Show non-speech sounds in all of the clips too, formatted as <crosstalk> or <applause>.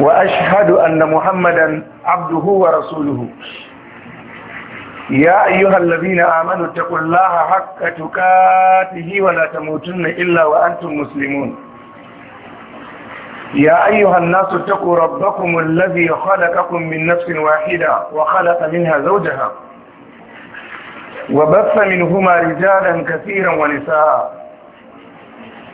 وأشهد أن محمدا عبده ورسوله يا أيها الذين آمنوا اتقوا الله حق تكاته ولا تموتن إلا وأنتم مسلمون يا أيها الناس اتقوا ربكم الذي خلقكم من نفس واحدة وخلق منها زوجها وبث منهما رجالا كثيرا ونساء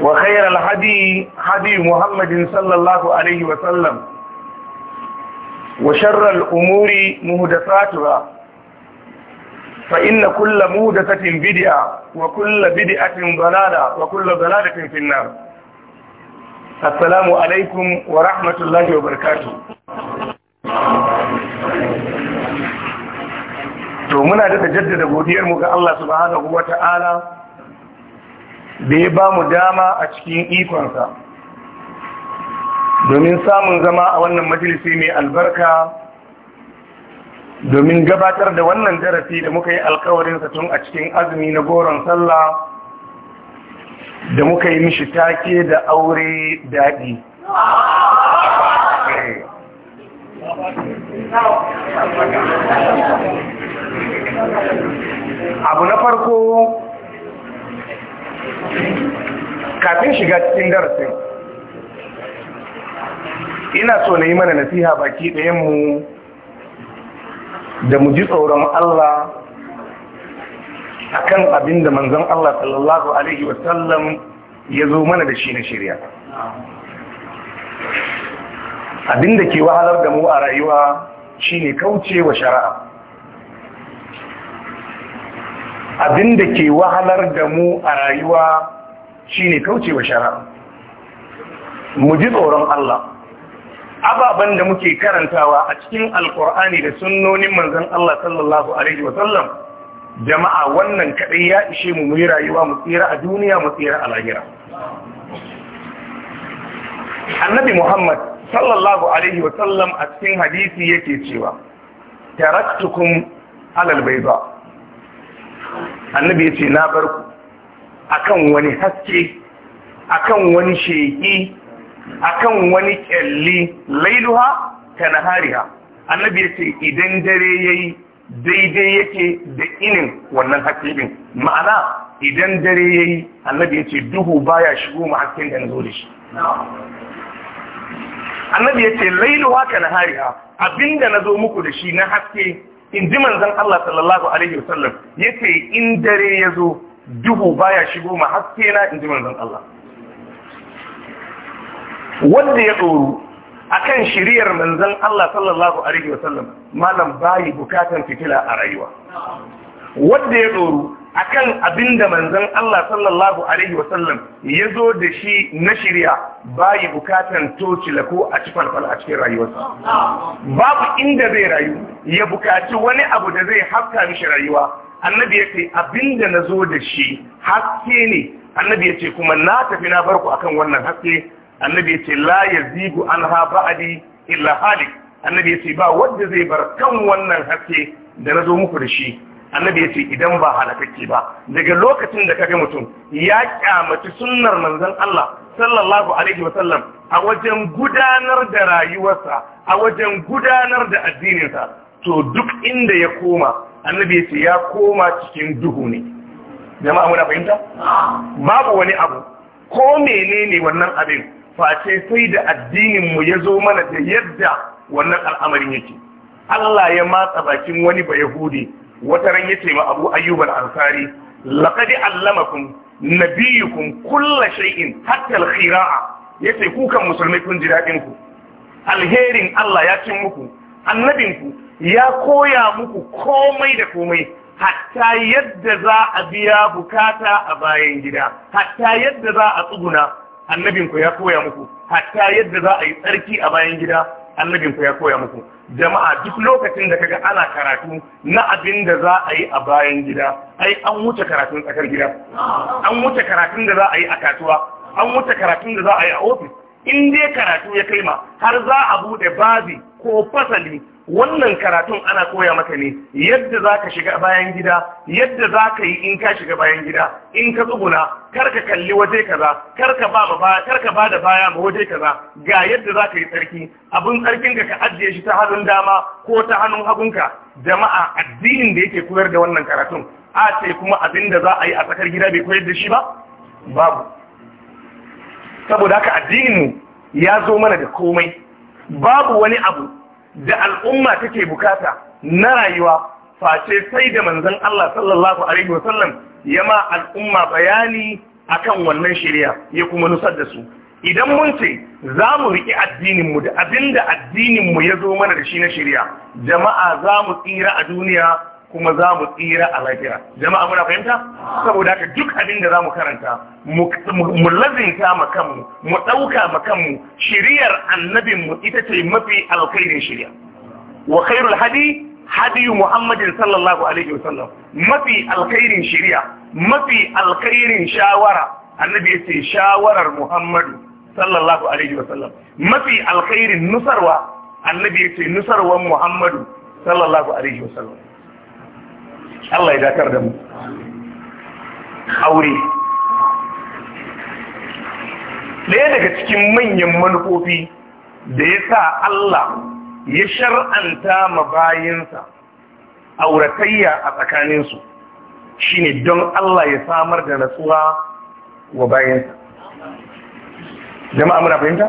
وخير الهدي هدي محمد صلى الله عليه وسلم وشر الأمور مهدفاتها فإن كل مهدفة بدعة وكل بدعة ضلالة وكل ضلالة في النار السلام عليكم ورحمة الله وبركاته to muna da jaddada godiyarmu ga Allah subhanahu wata'ala da ya ba mu dama a cikin ikonsa domin samun zama a wannan majalisi mai albarka domin gabatar da wannan darasi da muka yi alkawarinsa tun a cikin azumi na goron sallah da muka yi mishi take da aure daɗi abu na farko kafin shiga cikin darasin ina so na yi mana nasiha baki ɗayanmu da mu ji tsoron Allah a kan abin da manzon Allah sallallahu Alaihi wasallam ya zo mana da shi na shirya abin da ke wahalar da mu a rayuwa shine kauce wa shari'a abin da ke wahalar da mu a rayuwa shine kaucewa shara mu ji tsoron Allah ababen da muke karantawa a cikin alkur'ani da sunnonin manzon Allah sallallahu alaihi wa sallam jama'a wannan kadai ya ishe mu mu rayuwa mu tsira a duniya mu tsira a lahira annabi Muhammad sallallahu alaihi wa sallam a cikin hadisi yake cewa taraktukum alal bayda annabi ya ce na bar ku akan wani haske akan wani sheki akan wani kyalli lailuha ta nahariha annabi ya ce idan dare yayi daidai yake da inin wannan haske din ma'ana idan dare yayi annabi ya ce duhu baya shigo ma hasken da nazo da shi annabi ya ce lailuha ta nahariha abinda nazo muku da shi na haske in ji manzan Allah sallallahu alaihi wasallam ce in dare ya zo duhu baya shigo ma haske na in ji manzan Allah wanda ya tsoro kan shiriyar manzan Allah sallallahu alaihi wasallam malam bayi bukatan fitila a rayuwa wanda ya tsoro akan abinda da manzon Allah sallallahu alaihi wasallam ya zo da shi na shirya bayi bukatan tocila ko a ci falfal a cikin rayuwarsa babu inda zai rayu ya bukaci wani abu da zai haska mishi rayuwa annabi ya ce abin da na zo da shi haske ne annabi ya ce kuma na tafi na barku akan wannan haske annabi ya ce la yazigu anha ba'adi illa halik annabi ya ce ba wanda zai bar kan wannan haske da na zo muku da shi annabi ya ce idan ba halakakke ba daga lokacin da kaga mutum ya kyamaci sunnar manzon Allah sallallahu alaihi wa sallam a wajen gudanar da rayuwarsa a wajen gudanar da addininsa to duk inda ya koma annabi ya ce ya koma cikin duhu ne jama'a muna fahimta babu wani abu ko menene wannan abin face sai da addinin mu ya zo mana da yadda wannan al'amarin yake Allah ya matsa bakin wani ba Yahudi wata ran yace ma Abu Ayyub al-Ansari laqad allamakum nabiyukum kulla shay'in hatta al-khira'a yace ku kan musulmai kun ji dadin ku alherin Allah ya cin muku annabinku ya koya muku komai da komai hatta yadda za a biya bukata a bayan gida hatta yadda za a tsuguna annabinku ya koya muku hatta yadda za a yi tsarki a bayan gida annabinku ya koya muku jama'a duk lokacin da kaga ana karatu na abin da za a yi a bayan gida ai an wuce karatun tsakar gida an wuce karatun da za a yi a kasuwa an wuce karatun da za a yi a ofis in dai karatu ya kai ma har za a bude babi ko fasali wannan karatun ana koya maka ne yadda za ka shiga bayan gida yadda za ka yi in ka shiga bayan gida in ka tsuguna kar ka kalli waje kaza kar ka ba da baya ma waje kaza ga yadda za ka yi tsarki abin tsarkin ka ka ajiye shi ta hannun dama ko ta hannun hagunka jama'a addinin da yake koyar da wannan karatun a ce kuma abin da za a yi a tsakar gida bai koyar da shi ba babu saboda haka addinin ya zo mana da komai babu wani abu da al'umma take bukata na rayuwa face sai da manzon Allah sallallahu alaihi wasallam ya ma al'umma bayani a kan wannan shirya ya kuma nusar da su idan mun ce za mu riƙe addininmu da abinda addininmu ya zo mana da shi na shirya jama'a za mu tsira a duniya kuma za mu tsira a lahira jama'a muna fahimta saboda haka duk abin da za mu karanta mu lazinta ma kanmu mu ɗauka ma kanmu shiriyar annabinmu ita ce mafi alkhairin shiriya wa khairul hadi hadi muhammadin sallallahu alaihi wasallam mafi alkhairin shiriya mafi alkhairin shawara annabi ya ce shawarar muhammadu sallallahu alaihi wasallam mafi alkhairin nusarwa annabi ya ce nusarwar muhammadu sallallahu alaihi wasallam Allah ya dakar da mu aure ɗaya daga cikin manyan manufofi da ya sa Allah ya shar'anta ma bayansa auratayya a tsakaninsu shi ne don Allah ya samar da natsuwa wa bayansa jama'a muna fahimta?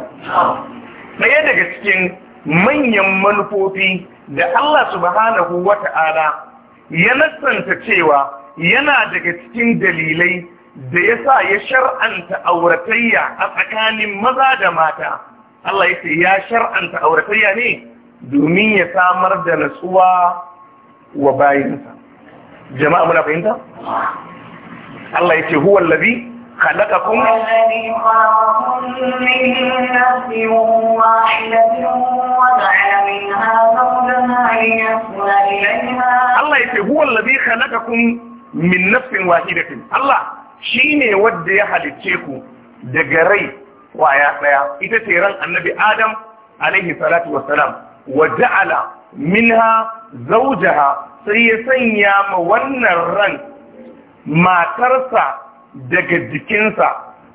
ɗaya daga cikin manyan manufofi da Allah subhanahu wata'ala ya nasanta cewa yana daga cikin dalilai da ya sa ya shar'anta auratayya a tsakanin maza da mata Allah ya ce ya shar'anta auratayya ne domin ya samar da natsuwa wa bayinsa jama'a muna fahimta Allah ya ce huwa خلقكم الذي خلقكم من الله يقول هو الذي خلقكم min nafsin wahidatin Allah shine wanda ya halicce ku daga rai kwaya daya ita ce ran annabi Adam alaihi salatu wassalam wa minha zawjaha sai ya sanya ma wannan ran matarsa daga jikinsa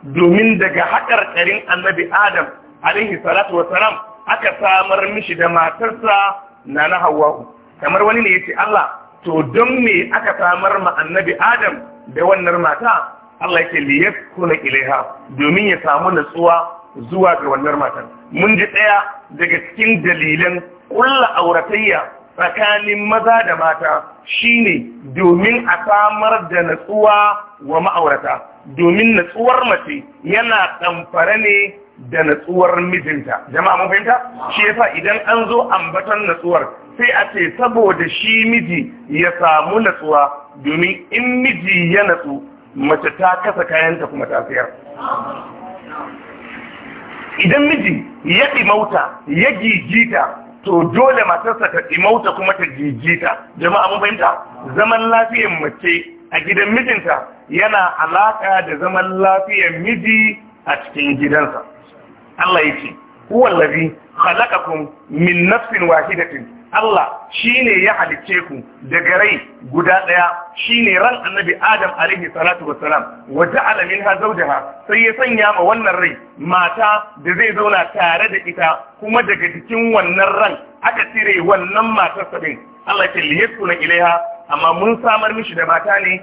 domin daga haƙarƙarin annabi adam alaihi salatu wa salam aka samar mishi da matarsa na na hawa'u kamar wani ne ya ce Allah to don me aka samar ma annabi adam da wannan mata Allah yake liyar kuna ilaiha domin ya samu natsuwa zuwa ga wannan matan mun ji ɗaya daga cikin dalilan ƙulla auratayya tsakanin maza da mata shine domin a samar da natsuwa wa ma'aurata domin natsuwar mace yana ɗamfare ne da natsuwar mijinta jama'a mun fahimta shi yasa idan an zo ambaton natsuwar sai a ce saboda shi miji ya samu natsuwa domin in miji ya natsu mace ta kasa kayanta kuma ta sayar idan miji ya ɗimauta ya gijita to dole matarsa ta ɗimauta kuma ta jijita. jama'a mun fahimta zaman lafiyar mace a gidan mijinta yana alaƙa da zaman lafiyar miji a cikin gidansa Allah ya ce huwallazi khalaqakum min nafsin wahidatin Allah shi ne ya halice ku daga rai guda daya ne ran annabi Adam alaihi salatu alamin ha zau da ha sai ya sanya ma wannan rai mata da zai zauna tare da ita kuma daga cikin wannan ran aka cire wannan matar sabin Allah ya ilai ilaiha amma mun samar mishi da mata ne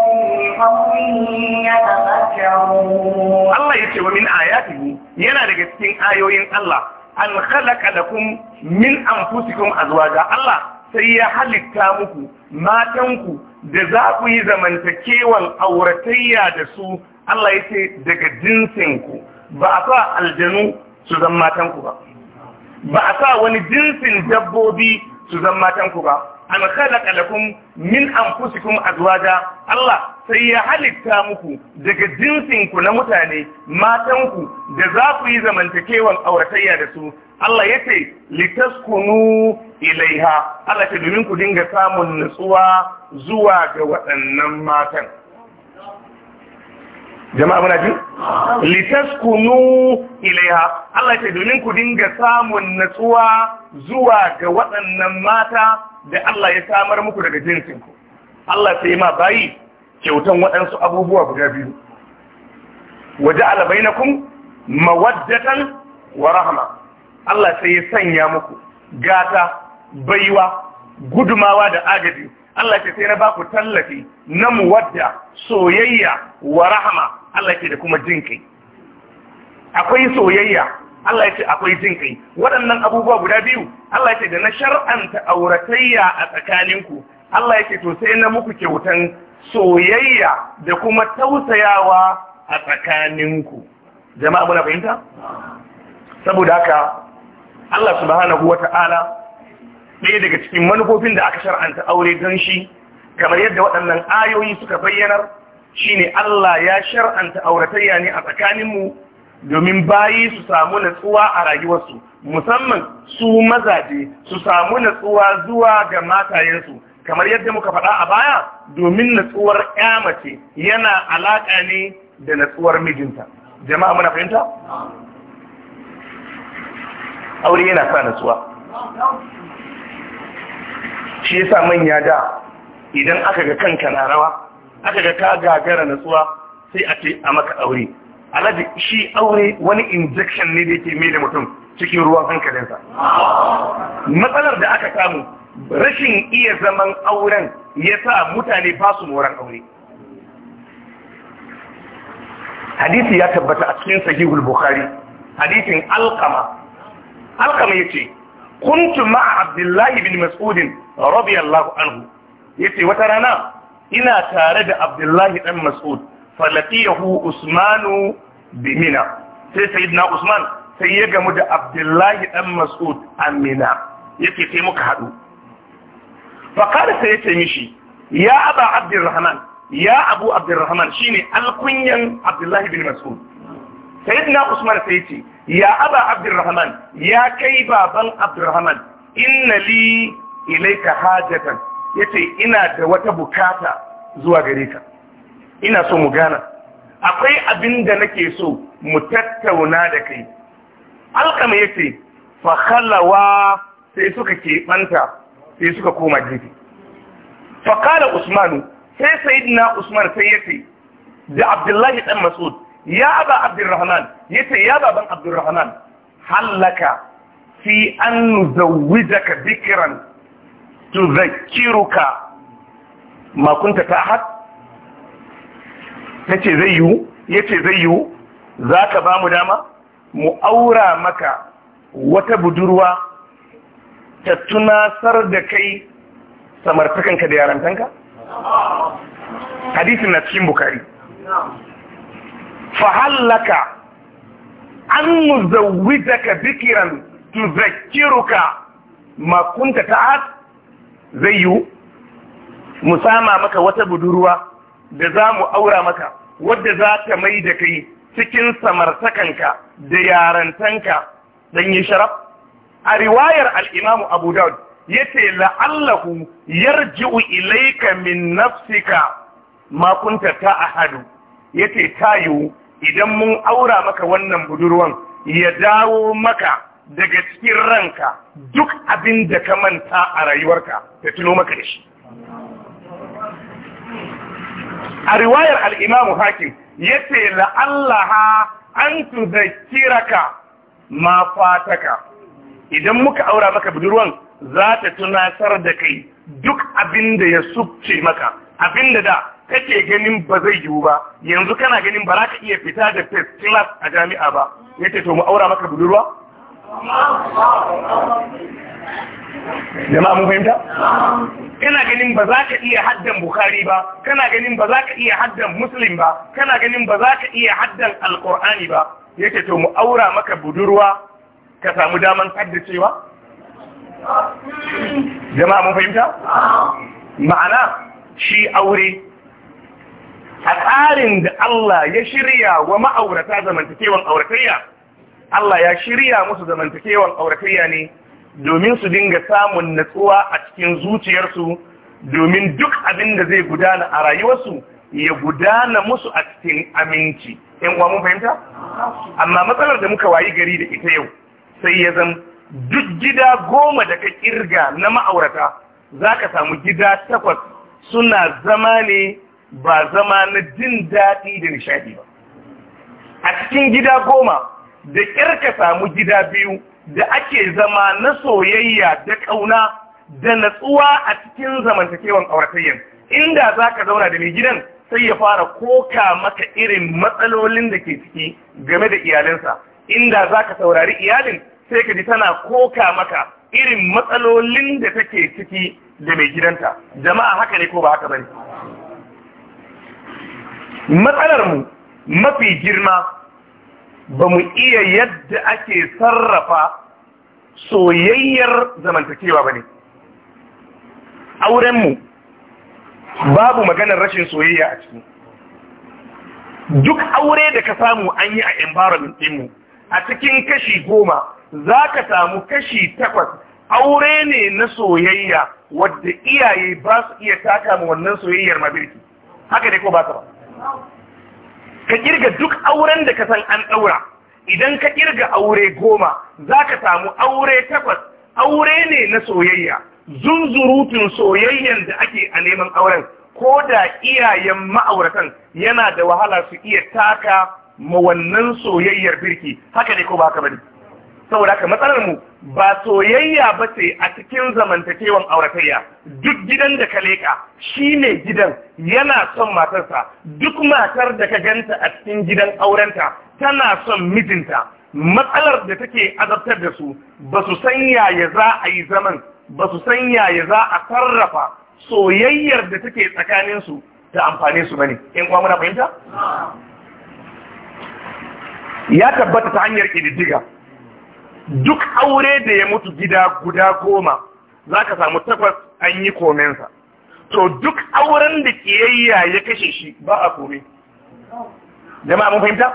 Allah ya ce wa min yana daga cikin ayoyin Allah an khalaqa lakum min anfusikum azwaja Allah sai ya halitta muku matanku da za ku yi zamantakewan auratayya da su Allah ya ce daga jinsinku ba a sa aljanu su zama matanku ba ba a sa wani jinsin dabbobi su zama matanku ba an khalaqa lakum min anfusikum azwaja Allah sai ya halitta muku daga jinsin ku na mutane matan ku da za ku yi zamantakewan auratayya da su Allah yace litaskunu ilaiha Allah ce domin ku dinga samun nutsuwa zuwa ga waɗannan matan jama'a muna ji litaskunu ilaiha Allah ce domin ku dinga samun nutsuwa zuwa ga waɗannan mata da Allah ya samar muku daga jinsinku Allah sai ma bayi kyautan waɗansu abubuwa guda biyu waje alabainakun mawaddatan wa rahama Allah sai ya sanya muku gata baiwa gudumawa da agaji Allah ke sai na ba ku tallafi na muwadda soyayya wa rahama Allah ke da kuma jinkai akwai soyayya Allah ya ce akwai jin kai waɗannan abubuwa guda biyu Allah ya ce da na shar'anta auratayya a tsakaninku Allah ya ce to sai na muku kyautan soyayya da kuma tausayawa a tsakaninku jama'a muna fahimta saboda haka Allah subhanahu wata'ala ɗaya daga cikin manufofin da aka shar'anta aure don shi kamar yadda waɗannan ayoyi suka bayyanar shine Allah ya shar'anta auratayya ne a tsakaninmu domin bayi su samu natsuwa a rayuwarsu musamman su mazaje su samu natsuwa zuwa ga matayensu kamar yadda muka faɗa a baya domin natsuwar ya mace yana alaƙa ne da natsuwar mijinta jama'a muna fahimta aure yana sa natsuwa shi yasa manya da idan aka ga kanka na rawa aka ga ka gagara natsuwa sai a ce a maka aure alaji shi aure wani injection ne da yake mai da mutum cikin ruwan hankalinsa matsalar da aka samu rashin iya zaman auren ya sa mutane ba su moran aure hadisi ya tabbata a cikin sahihul bukhari hadisin alkama alkama ya ce, kuntu ma'a abdullahi bin mas'udin radiyallahu anhu ce wata rana ina tare da abdullahi ɗan mas'ud falaqiyahu usmanu bimina sai sayyidina usman sai ya gamu da abdullahi dan mas'ud amina yake sai muka hadu fa kada sai yace mishi ya aba abdurrahman ya abu abdurrahman shine alkunyan abdullahi bin mas'ud sayyidina usman sai yace ya aba abdurrahman ya kai baban abdurrahman inna li ilayka hajatan yace ina da wata bukata zuwa gare ka ina so mu gana akwai abin da nake so mu tattauna da kai alkama ya ce fakalawa sai suka keɓanta sai suka koma jiki. fakala usmanu sai sayidina usman sai ya ce da abdullahi dan masud ya ba abdurrahman ya ce ya baban abdurrahman hallaka fi an nuzawwijaka dhikran tudhakkiruka ma kunta ta'had ta zai yiwu ya ce zai yiwu za ka ba mu dama mu aura maka wata budurwa ta tunasar da kai samartakanka da yarantanka? hadisi na cikin bukari fahallaka an muzawwijaka bikiran tuzakkiruka makunta ta'ad zai yiwu sama maka wata budurwa da za mu aura maka wadda za ta mai da kai cikin samartakanka da yarantanka don yi sharaf a riwayar al Abu Dawud yace la'allahu yarji'u ilaika min nafsika ma kunta ta'ahadu yace tayu idan mun aura maka wannan budurwan ya dawo maka daga cikin ranka duk abin da ka manta a rayuwarka ta tuno maka da shi a riwayar al'imamu hakim ya ce la'allaha an tuzakiraka ma fataka idan muka aura maka budurwan za ta tunatar da kai duk abin da ya subce maka abin da da kake ganin ba zai yiwu ba yanzu kana ganin ba za ka iya fita da first class a jami'a ba ya ce to mu aura maka budurwa jama mun fahimta kana ganin ba za ka iya haddan bukhari ba kana ganin ba za ka iya haddan muslim ba kana ganin ba za ka iya haddan Alkur'ani ba yake to mu aura maka budurwa ka samu daman haddacewa jama'a mun fahimta ma'ana shi aure a tsarin da Allah ya shirya wa ma'aurata zamantakewan auratayya Allah ya shirya musu zamantakewan auratayya ne domin su dinga samun natsuwa a cikin zuciyarsu domin duk abin da zai gudana a rayuwarsu ya gudana musu a cikin aminci yan kwamun fahimta amma matsalar da muka wayi gari da ita yau sai ya zama duk gida goma da ka kirga na ma'aurata za ka samu gida takwas suna zama ne ba zama na jin daɗi da nishadi ba a cikin gida goma da ƙyar ka samu gida biyu da ake zama na soyayya da ƙauna da natsuwa a cikin zamantakewan auratayyar inda za ka zauna da mai gidan sai ya fara koka maka irin matsalolin da ke ciki game da iyalinsa inda za ka saurari iyalin sai ka ji tana koka maka irin matsalolin da take ciki da mai gidanta jama'a haka ne ko ba haka bane matsalar mu mafi girma ba mu iya yadda ake sarrafa soyayyar zamantakewa ba ne aurenmu babu maganar rashin soyayya a ciki duk aure da ka samu an yi a environment ɗinmu a cikin kashi goma za ka samu kashi takwas aure ne na soyayya wadda iyaye ba su iya taka ma wannan soyayyar mabirki haka ne ko ba ta ba ka kirga duk auren da ka san an ɗaura idan ka kirga aure goma za ka samu aure takwas aure ne na soyayya zunzurutun soyayyan da ake a neman auren ko da iyayen ma'auratan yana da wahala su iya taka ma wannan soyayyar birki haka ne ko ba ka bari. saboda ka matsalar mu mm. ba soyayya ba ce a cikin zamantakewan auratayya duk gidan da ka leka shi ne gidan yana son matarsa duk matar da ka ganta a cikin gidan aurenta tana son mijinta matsalar da take azabtar da su ba su san yaya za a yi zaman ba su san yaya za a sarrafa soyayyar da take tsakaninsu ta amfane su bane in kuma muna fahimta ya tabbata ta hanyar ƙididdiga duk aure da ya mutu gida guda goma za ka samu takwas an yi komensa to duk auren da kiyayya ya kashe shi ba a kome jama'a mun fahimta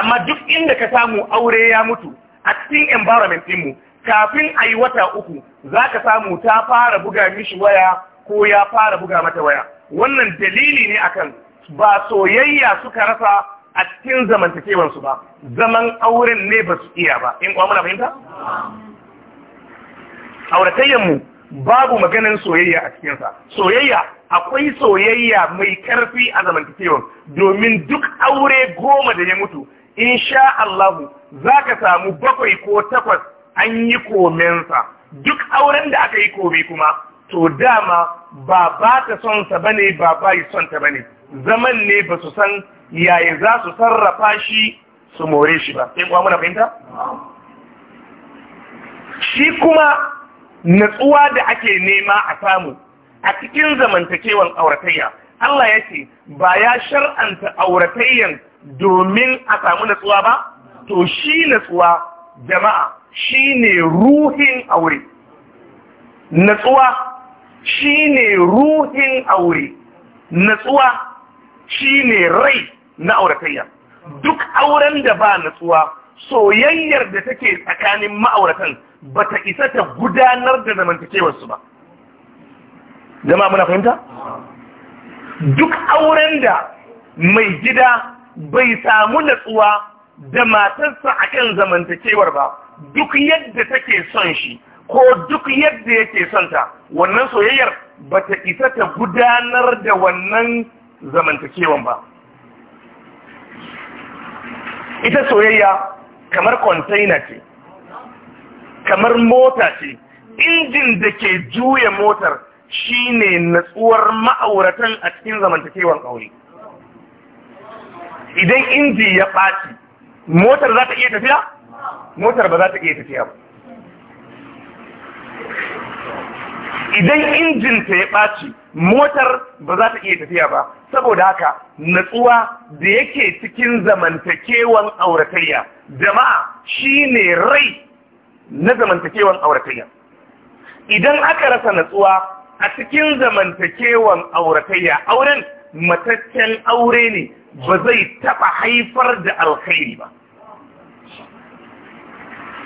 amma duk inda ka samu aure ya mutu a cikin environment ɗinmu kafin a yi wata uku za ka samu ta fara buga mishi waya ko ya fara buga mata waya wannan dalili ne akan ba soyayya suka rasa a cikin zamantakewansu su ba zaman auren ne ba su iya ba in kuwa muna fahimta auratayyan mu babu maganin soyayya a cikinsa soyayya akwai soyayya mai karfi a zamantakewan domin duk aure goma da ya mutu in sha Allahu za ka samu bakwai ko takwas an yi komensa duk auren da aka yi kome kuma to dama ba ba ta son sa bane ba ba yi son ta bane zaman ne ba su san yaya za su sarrafa shi su more shi ba sai kuma muna fahimta shi kuma natsuwa da ake nema a samu a cikin zamantakewan auratayya Allah ya ce ba ya shar'anta auratayyan domin a samu natsuwa ba to shi natsuwa jama'a shi ne ruhin aure natsuwa shi ne ruhin aure natsuwa shi ne rai na auratayya duk auren da ba natsuwa soyayyar da take tsakanin ma'auratan ba ta isa ta gudanar da zamantakewarsu ba zama muna fahimta duk auren da mai gida bai samu natsuwa da matarsa a kan zamantakewar ba duk yadda take son shi ko duk yadda yake son ta wannan soyayyar ba ta isa ta gudanar da wannan zamantakewan ba ita soyayya kamar kwantaina ce kamar mota ce injin da ke juya motar shine natsuwar ma'auratan a cikin zamantakewar aure idan inji ya ɓaci motar za ta iya tafiya motar ba za ta iya tafiya ba idan injinta ya ɓaci motar ba za ta iya tafiya ba saboda haka natsuwa da yake cikin zamantakewan auratayya jama'a shine rai na zamantakewan auratayya idan aka rasa natsuwa a cikin zamantakewan auratayya auren mataccen aure ne ba zai taɓa haifar da alkhairi ba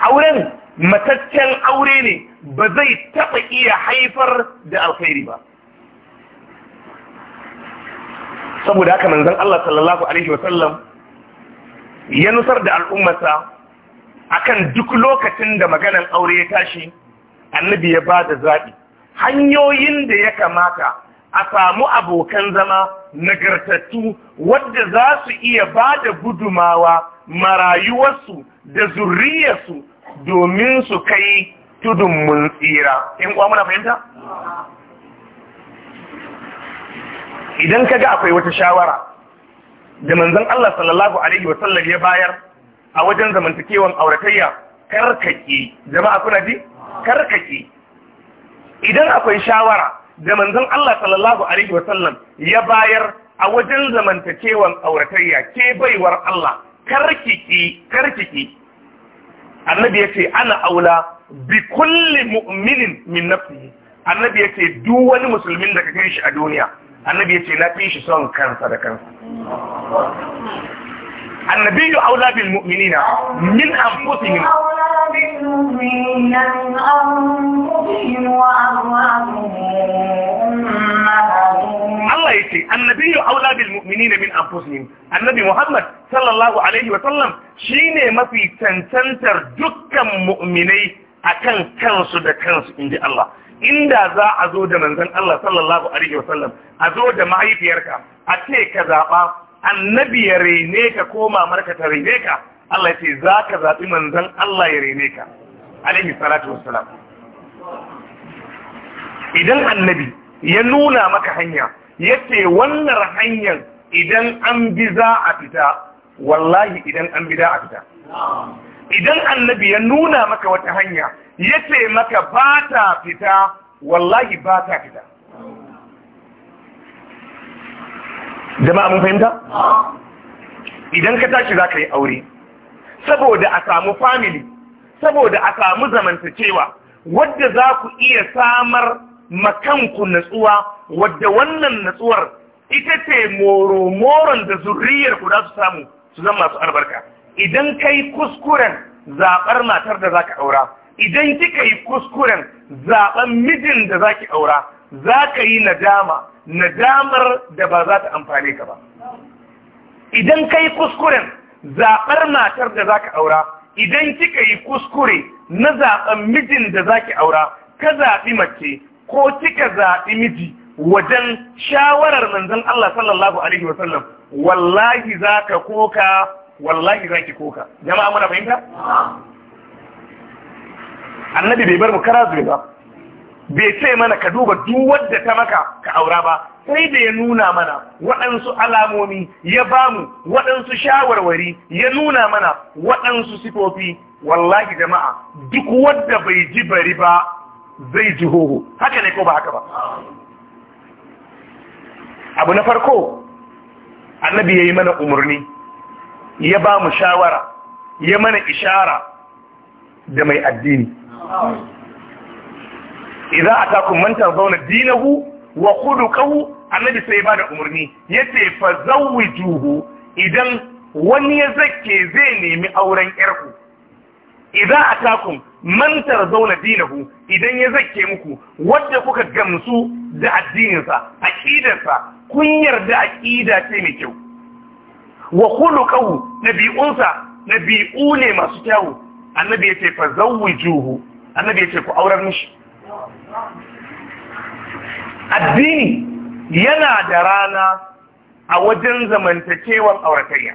auren mataccen aure ne ba zai taɓa iya haifar da alkhairi ba saboda haka manzon Allah sallallahu alaihi wasallam ya nusar da a kan duk lokacin da maganan aure ya tashi annabi ya ba da zaɓi hanyoyin da ya kamata a samu abokan zama nagartattu wadda za su iya ba da gudumawa marayuwarsu da zurriyarsu domin su kai tudun mun tsira in kuwa muna fahimta idan ka ga akwai wata shawara da manzan Allah sallallahu alaihi wasallam ya bayar a wajen zamantakewan auratayya karkake jama'a kuna ji karkake idan akwai shawara da manzan Allah sallallahu alaihi wasallam ya bayar a wajen zamantakewan auratayya ke baiwar Allah karkake karkake annabi ce ana aula bi kulli mu'minin min nafsihi annabi yace duk wani musulmin da ka kai shi a duniya annabi yace na fi shi son kansa da kansa النبي أولى بالمؤمنين من أنفسهم بالمؤمنين من أنفسهم Allah ya ce, Annabiyu aula bil mu'minina min anfusihim. Annabi Muhammad sallallahu alaihi wa sallam shine mafi cancantar dukkan mu'minai akan kansu da kansu inji Allah inda za a zo da manzon Allah sallallahu alaihi wasallam a zo da mahaifiyarka a ce ka zaɓa annabi ya rene ka ko mamarka ta rene ka Allah ya ce za ka zaɓi manzon Allah ya rene ka alaihi salatu wassalam idan annabi ya nuna maka hanya ya ce wannan hanyar idan an bi za a fita wallahi idan an bi za a fita idan annabi ya nuna maka wata hanya ya ce maka ba ta fita wallahi ba ta fita jama'a mun fahimta? idan ka tashi za ka yi aure saboda a samu family saboda a samu zamantacewa wadda za ku iya samar makanku natsuwa wadda wannan natsuwar ita ce moro-moron da zurriyar ku za su samu su zama masu albarka idan ka yi kuskuren zaɓar matar da za ka aura idan kika yi kuskuren zaɓar mijin da za ki aura za ka yi nadama nadamar da ba za ta amfane ka ba idan ka yi kuskuren zaɓar matar da za ka aura idan kika yi kuskure na zaɓen mijin da za ki aura ka zaɓi mace ko kika zaɓi miji wajen shawarar manzon Allah sallallahu alaihi wasallam wallahi za ka koka wallahi za ki koka jama'a muna fahimta annabi bai bar mu kara zuwa ba bai ce mana ka duba duk wadda ta maka ka aura ba sai da ya nuna mana waɗansu alamomi ya ba mu, waɗansu shawarwari ya nuna mana waɗansu sifofi wallahi jama'a duk wadda bai ji bari ba zai ji hoho haka ne ko ba haka ba abu na farko annabi ya yi mana umarni ya ba mu shawara ya mana ishara da mai addini idza atakum man tardawna dinahu wa khuluquhu annabi sai ba da umarni yace fa zawwijuhu idan wani ya zake zai nemi auren yarku idza atakum man tardawna dinahu idan ya zake muku wanda kuka gamsu da addininsa aqidarsa kun yarda aqida ce mai kyau wa khuluquhu nabi'unsa nabi'u ne masu kyawu annabi yace fa zawwijuhu annabi yace ku aurar mishi addini yana da rana a wajen zamantakewan auratayya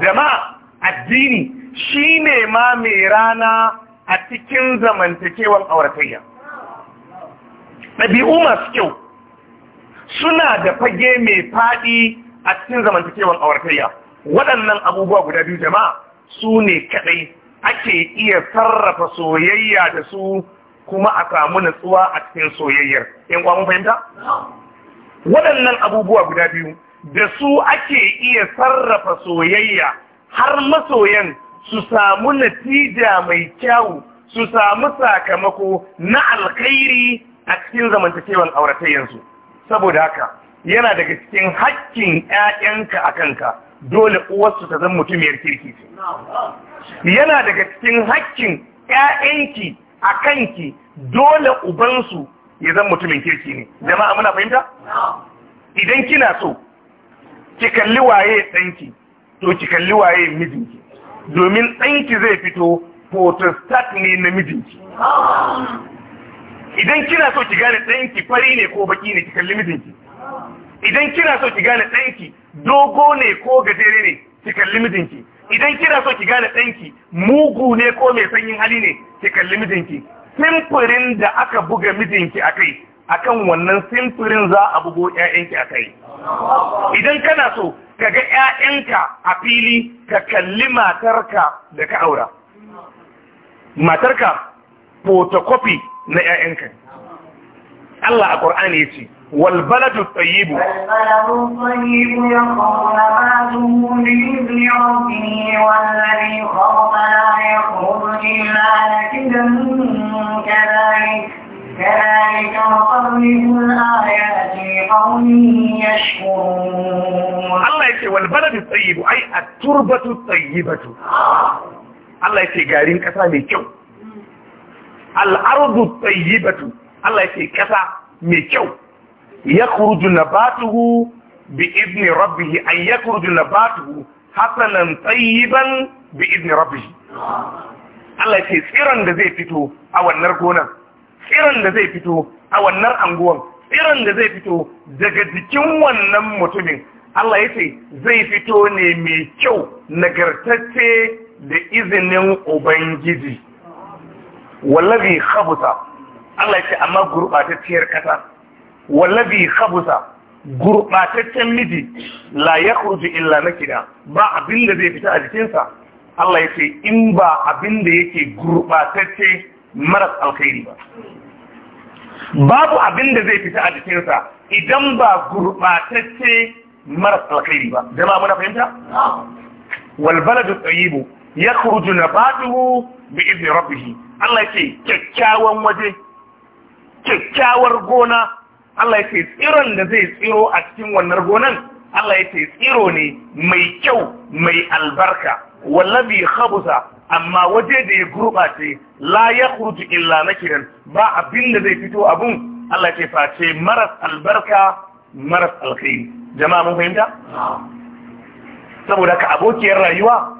jama'a addini shine ma mai rana a cikin zamantakewan auratayya ɗabi'u masu kyau suna da fage mai faɗi a cikin zamantakewan auratayya waɗannan abubuwa guda biyu jama'a su ne kaɗai ake iya sarrafa soyayya da su kuma a samu natsuwa a cikin soyayyar in kwamun fahimta? waɗannan abubuwa guda biyu da su ake iya sarrafa soyayya har masoyan su samu natija mai kyau su samu sakamako na alkhairi a cikin zamantakewan auratayyansu saboda haka yana daga cikin haƙƙin ‘ya'yanka a kanka dole uwarsu ta zan mutumiyar kirki ce yana daga cikin haƙƙin ‘ya'yanki a kanki dole ubansu ya zan mutumin kirki ne jama'a muna fahimta idan kina so ki kalli waye ɗanki to ki kalli waye mijinki domin ɗanki zai fito protestant ne na mijinki idan kina so ki gane ɗanki fari ne ko baƙi ne ki kalli mijinki idan kina so ki gane ɗanki dogo ne ko gajere ne ki kalli mijinki idan kina so ki gane ɗanki mugu ne ko mai sanyin hali ne ki kalli mijinki simfirin da aka buga mijinki a kai akan wannan simfirin za a bugo ƴaƴanki a kai idan kana so ka ga ƴaƴanka a fili ka kalli matarka da ka aura matarka photocopy na ƴaƴanka Allah a Qur'ani ya ce والبلد الطيب والبلد الطيب يخرج نباته بإذن ربه والذي خرج لا يخرج إلا نكدا كذلك كذلك نقرب الآيات لقوم يشكرون الله يقول والبلد الطيب أي التربة الطيبة الله يقول ce garin ƙasa mai kyau al'arzu tsayyibatu Allah ya yakhruju nabatuhu bi idni rabbih ay yakhruju nabatuhu hasanan tayyiban bi idni rabbih Allah ce tsiran da zai fito a wannan gonar tsiran da zai fito a wannan anguwan tsiran da zai fito daga jikin wannan mutumin Allah ya ce zai fito ne mai kyau nagartacce da izinin Ubangiji. Wallazi khabuta Allah ya ce amma gurɓatacciyar ƙasa wallabi khabusa gurbataccen miji la ya kurji illa na nakida ba abin da zai fita a jikinsa Allah ya ce in ba abin da yake gurbatacce maras alkhairi ba babu abin da zai fita a jikinsa idan ba gurbatacce maras alkhairi ba jama'a muna fahimta wal baladu tayyibu yakhruju nabatuhu bi idni rabbih Allah ya ce kyakkyawan waje kyakkyawar gona Allah ya ce tsiron da zai tsiro a cikin wannan gonan Allah ya ce tsiro ne mai kyau mai albarka wallabi khabusa amma waje da ya gurɓace la ya kurtu illa nakiran ba abin da zai fito abun Allah ya ce face maras albarka maras alkhairi jama'a mun fahimta saboda ka abokiyar rayuwa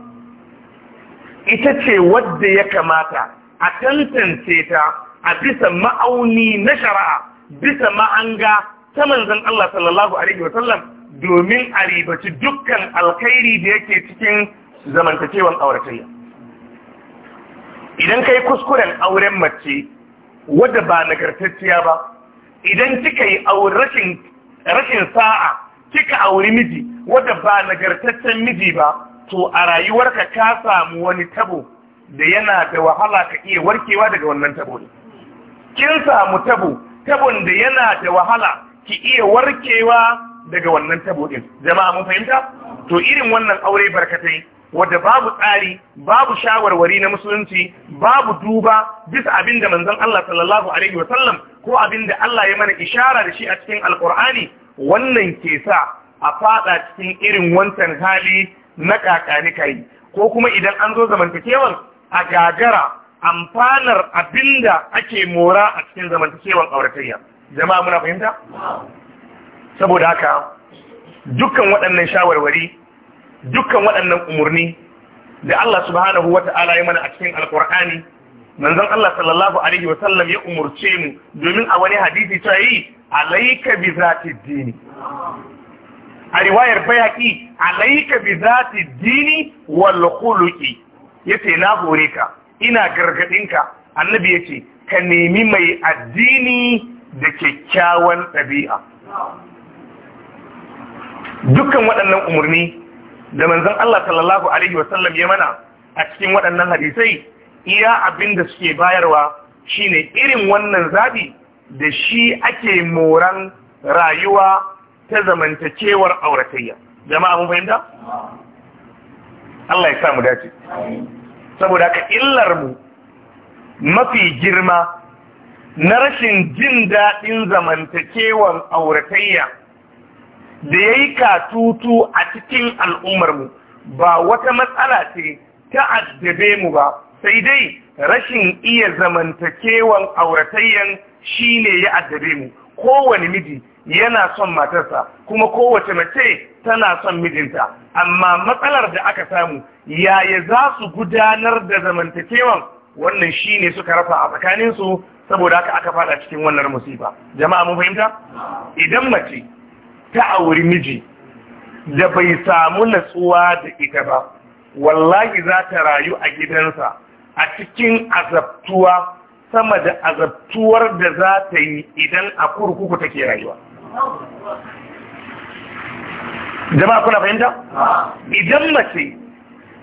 ita ce wadda ya kamata a tantance ta a bisa ma'auni na shari'a bisa ma'anga ta manzon Allah sallallahu alaihi wasallam domin a ribaci dukkan alkhairi da yake cikin zamantakewan auratayya idan kai kuskuren auren mace wadda ba nagartacciya ba idan kika yi rashin rashin sa'a kika auri miji wadda ba nagartaccen miji ba to a rayuwarka ka samu wani tabo da yana da wahala ka iya warkewa daga wannan tabo ne kin samu tabo tabon da yana da wahala ki iya warkewa daga wannan tabo din jama'a mun fahimta to irin wannan aure barkatai wadda babu tsari babu shawarwari na musulunci babu duba bisa abinda manzon Allah sallallahu alaihi wa sallam ko abinda Allah ya mana ishara da shi a cikin alqur'ani wannan ke sa a fada cikin irin wancan hali na kakani kai ko kuma idan an zo zamantakewar a gagara amfanar abinda ake mora a cikin zamantakewan auratayya jama'a muna fahimta saboda haka dukkan waɗannan shawarwari dukkan waɗannan umarni da Allah subhanahu wata'ala ya mana a cikin alkur'ani manzon Allah sallallahu alaihi wa sallam ya umurce mu domin a wani hadisi ta yi alayka bi zati dini a riwayar bayaki alayka bi zati dini wal khuluqi yace na hore ka ina gargadinka annabi ya ce ka nemi mai addini da kyakkyawan ɗabi'a dukkan waɗannan umarni da manzan Allah sallallahu alaihi wasallam ya mana a cikin waɗannan hadisai iya abin da suke bayarwa shine irin wannan zabi da shi ake moran rayuwa ta zamantakewar auratayya jama'a mun fahimta Allah ya sa mu dace saboda haka illar mu mafi girma na rashin jin daɗin zamantakewan auratayya da ya yi katutu a cikin al'ummarmu ba wata matsala ce ta addabe mu ba sai dai rashin iya zamantakewan auratayyan shi ne ya addabe mu kowane miji yana son matarsa kuma kowace mace tana son mijinta amma matsalar da aka samu yaya za su gudanar da zamantakewan wannan shi ne suka rafa a tsakaninsu saboda haka aka fada cikin wannan musifa jama'a mun fahimta idan mace ta auri miji da bai samu natsuwa da ita ba wallahi za ta rayu a gidansa a cikin azabtuwa sama da azabtuwar da za ta yi idan a kurkuku take rayuwa jama'a kuna fahimta idan mace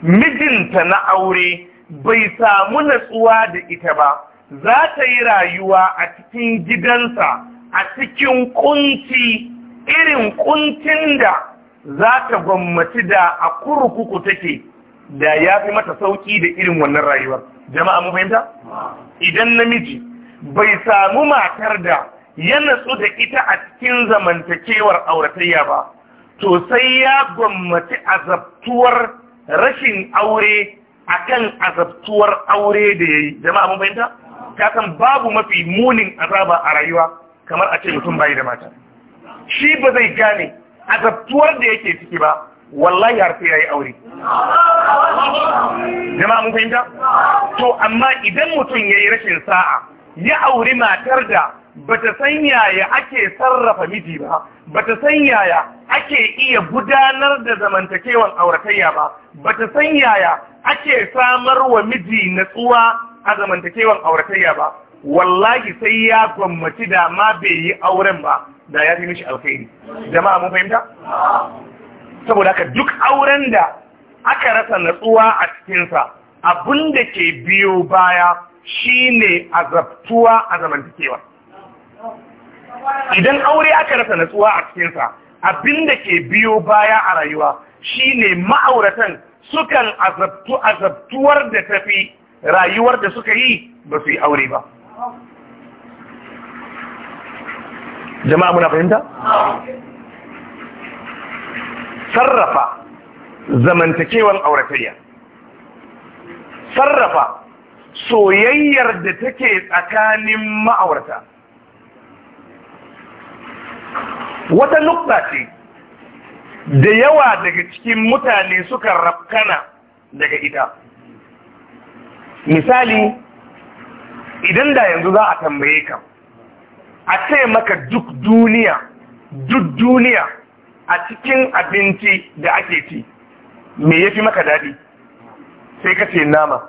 mijinta na aure bai samu natsuwa da ita ba za ta yi rayuwa a cikin gidansa a cikin kunci irin kuncin da za ta gwammaci da a kurkuku take da ya fi mata sauki da irin wannan rayuwar jama'a mu fahimta idan namiji bai samu matar da ya natsu da ita a cikin zamantakewar auratayya ba to sai ya gwammaci a azabtuwar rashin aure akan azabtuwar aure da yayi jama'a mun fahimta kasan babu mafi munin azaba a rayuwa kamar a ce mutum bai da mata shi ba zai gane azabtuwar da yake ciki ba wallahi har sai yayi aure jama'a mun fahimta to amma idan mutum yayi rashin sa'a ya auri matar da bata san yaya ake sarrafa miji ba bata san yaya ake iya gudanar da zamantakewan auratayya ba bata san yaya ake samar wa miji natsuwa a zamantakewan auratayya ba wallahi sai ya gwammaci da ma bai yi auren ba da ya fi mishi alkhairi jama'a mun fahimta saboda haka duk auren da aka rasa natsuwa a cikinsa abin da ke biyo baya shine azabtuwa a zamantakewa idan aure aka rasa natsuwa a cikinsa abinda ke biyo baya a rayuwa shine ma'auratan sukan azabtuwar da tafi rayuwar da suka yi ba su yi aure ba jama'a muna fahimta sarrafa zamantakewan auratayya sarrafa soyayyar da take tsakanin ma'aurata wata nukta ce da yawa daga cikin mutane suka rafkana daga ita misali idan da yanzu za a tambaye ka a ce maka duk duniya duk duniya a cikin abinci da ake ci me ya fi maka daɗi sai ka ce nama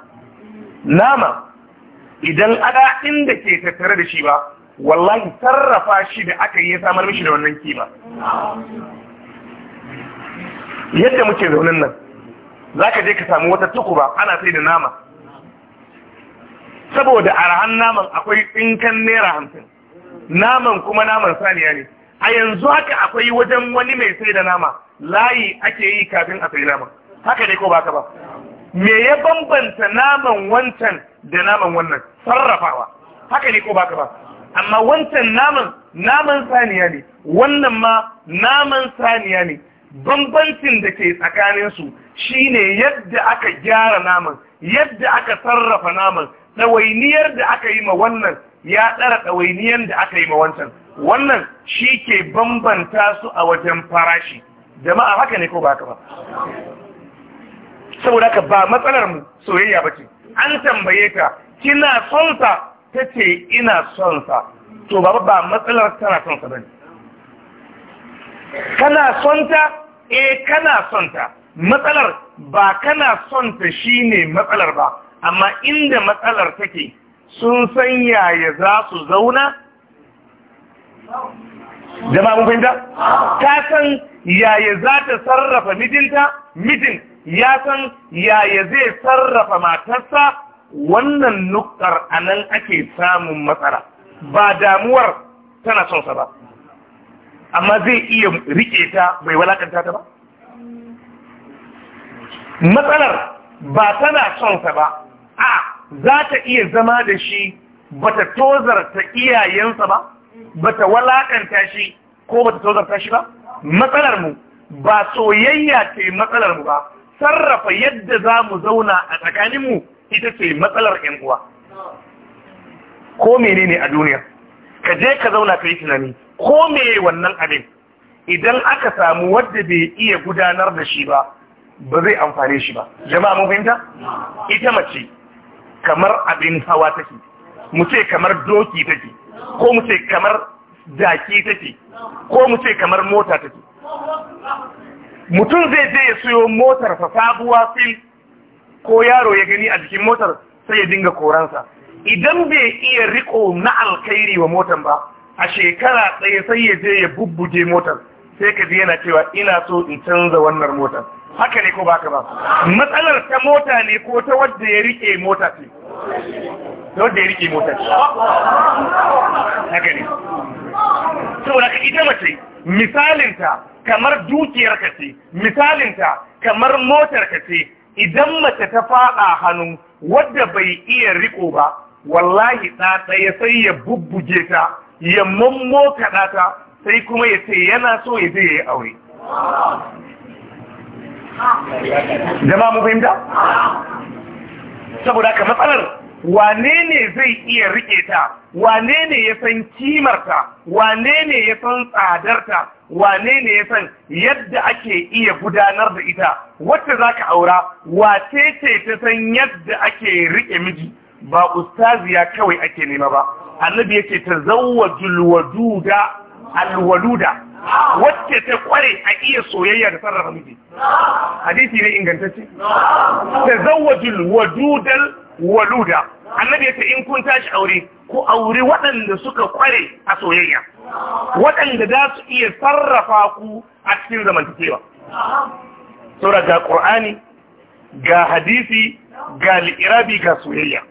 nama idan ada inda ke tattare da shi ba wallahi sarrafa shi da aka yi samar mishi da wannan kima yadda muke zaunin nan za ka je ka samu wata tukuba ana sai da nama saboda arahan naman akwai tsinkan naira hamsin naman kuma naman saniya ne a yanzu haka akwai wajen wani mai sai da nama layi ake yi kafin a sai nama haka ne ko ba ka ba me ya bambanta naman wancan da naman wannan sarrafawa haka ne ko ba ka ba amma wancan naman naman saniya ne wannan ma naman saniya ne bambancin da ke tsakaninsu shine yadda aka gyara naman yadda aka sarrafa naman ɗawainiyar da aka yi ma wannan ya ɗara tsawainiyar da aka yi ma wancan wannan shi ke bambanta su a wajen farashi jama'a haka ne ko ba haka ba saboda ka ba matsalar mu soyayya ba ce an tambaye ka kina son ta. ta ce ina sonsa to baba ba matsalar tana son sa bane kana son ta eh kana sonta matsalar ba kana son ta shine matsalar ba amma inda matsalar take sun san yaya za su zauna jama'a mun fahimta ta san yaya za ta sarrafa mijinta mijin ya san yaya zai sarrafa matarsa wannan nukar a nan ake samun matsala ba damuwar tana son ba amma zai iya rike ta bai walakanta ta ba matsalar ba tana son ba a za ta iya zama da shi bata tozarta iyayensa ba bata walakanta shi ko bata tozarta shi ba matsalar mu ba soyayya ce matsalar mu ba sarrafa yadda za mu zauna a tsakaninmu ita ce matsalar ‘yan uwa ko menene a duniya ka je ka zauna ka yi tunani ko me wannan abin idan aka samu wadda bai iya gudanar da shi ba ba zai amfane shi ba jama'a mun fahimta ita mace kamar abin hawa take mu ce kamar doki take ko mu ce kamar daki take ko mu ce kamar mota take mutum zai je ya siyo motar fa sabuwa fil ko yaro ya gani a jikin motar sai ya dinga koransa idan bai iya riko na alkhairi wa motar ba a shekara ɗaya sai ya je ya bubbuje motar sai ka ji yana cewa ina so in canza wannan motar haka ne ko ba ka ba matsalar ta mota ne ko ta wadda ya rike mota ce ta wadda ya rike mota ce haka ne saboda ka ita mace misalinta kamar dukiyar ka ce misalinta kamar motar ka ce idan mace ta faɗa hannu wadda bai iya riko ba wallahi ɗa ya sai ya bubbuge ta ya mammo kaɗa sai kuma ya ce yana so ya je yi aure <laughs> Jama'a mu fahimta ah. saboda ka matsalar wane ne zai iya riƙe ta wane ne ya san kimarta wane ne ya san tsadarta wane ne ya san yadda ake iya gudanar da ita wacce za ka aura wace ce ta san yadda ake rike miji ba ustaziya kawai ake nema ba annabi yake ta zawwajul alwaluda wacce ta kware a iya soyayya da sarrafa miji hadisi ne ingantacce ta zawwajul waluda annabi yace in kun tashi aure ko auri waɗanda suka kware a soyayya waɗanda za su iya sarrafa ku a cikin zamantakewa saura ga ƙur'ani ga hadisi ga li'irabi ga soyayya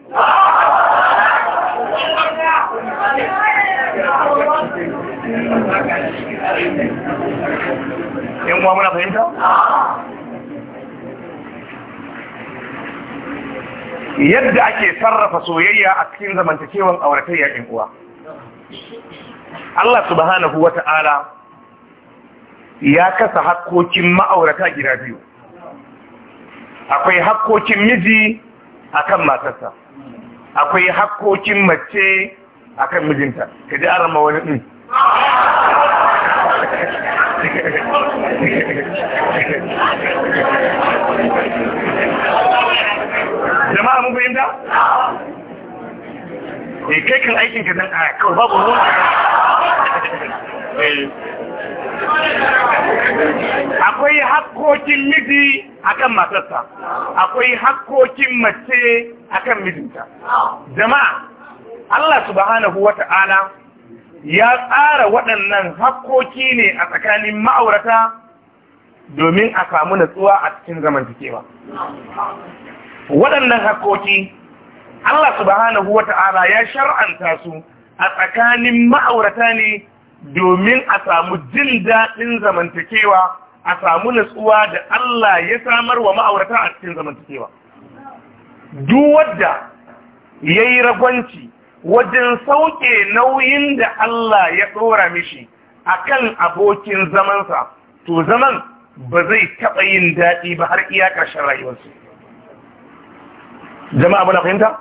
yan wa muna fahimta? yadda ake sarrafa soyayya a cikin zamantakewan auratayya in uwa Allah subhanahu wa ta'ala ya kasa hakkokin ma'aurata gida biyu akwai hakkokin miji akan matarsa akwai hakkokin mace akan mijinta ka ji an rama wani ɗin mm. <laughs> jama'a mun fahimta eh kai kan aikin ka dan a kawai eh. akwai hakkokin miji akan matarsa akwai hakkokin mace akan mijinta jama'a Allah subhanahu wata'ala ya tsara waɗannan hakkoki ne a tsakanin ma'aurata domin a samu natsuwa a cikin zamantakewa waɗannan hakoki Allah subhanahu ta'ala ya shar'anta su a tsakanin ma'aurata ne domin a samu jin daɗin zamantakewa a samu natsuwa da Allah ya samar wa ma'aurata a cikin zamantakewa duk wadda ya yi ragwanci wajen sauke nauyin da Allah ya tsora mishi a kan abokin zamansa to zaman ba zai taɓa yin daɗi ba har iya ƙarshen rayuwarsu jama'a bana fahimta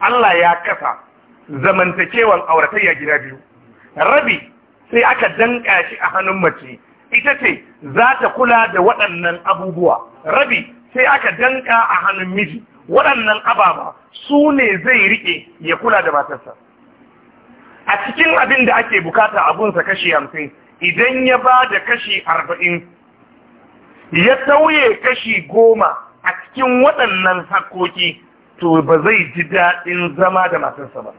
Allah ya kasa zamantakewan auratayya gida biyu rabi sai aka danka shi a hannun mace ita ce za ta kula da waɗannan abubuwa rabi sai aka danka a hannun miji waɗannan ababa su ne zai riƙe ya kula da matarsa a cikin abin da ake bukata abunsa kashi hamsin idan ya ba da kashi arba'in ya tauye kashi goma a cikin waɗannan hakkoki to ba zai ji daɗin zama da matarsa ba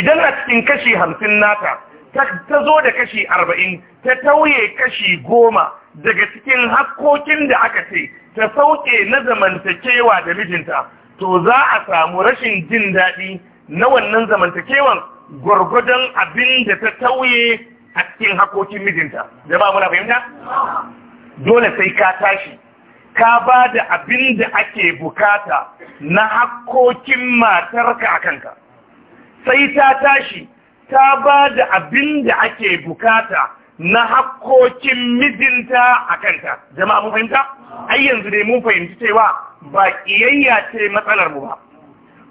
idan a cikin kashi hamsin nata ta zo da kashi arba'in ta tauye kashi goma daga cikin hakkokin da aka ce ta sauke na zamantakewa da mijinta to za a samu rashin jin daɗi na wannan zamantakewan gwargwadon abin da ta tauye a cikin hakkokin mijinta jama'a muna fahimta dole sai ka tashi ka ba da abin da ake bukata na hakkokin matarka a kanka sai ta tashi ta ba da abin da ake bukata na hakkokin mijinta a kanta jama'a mun fahimta ai yanzu dai mu fahimci cewa ba ƙiyayya ce matsalar mu ba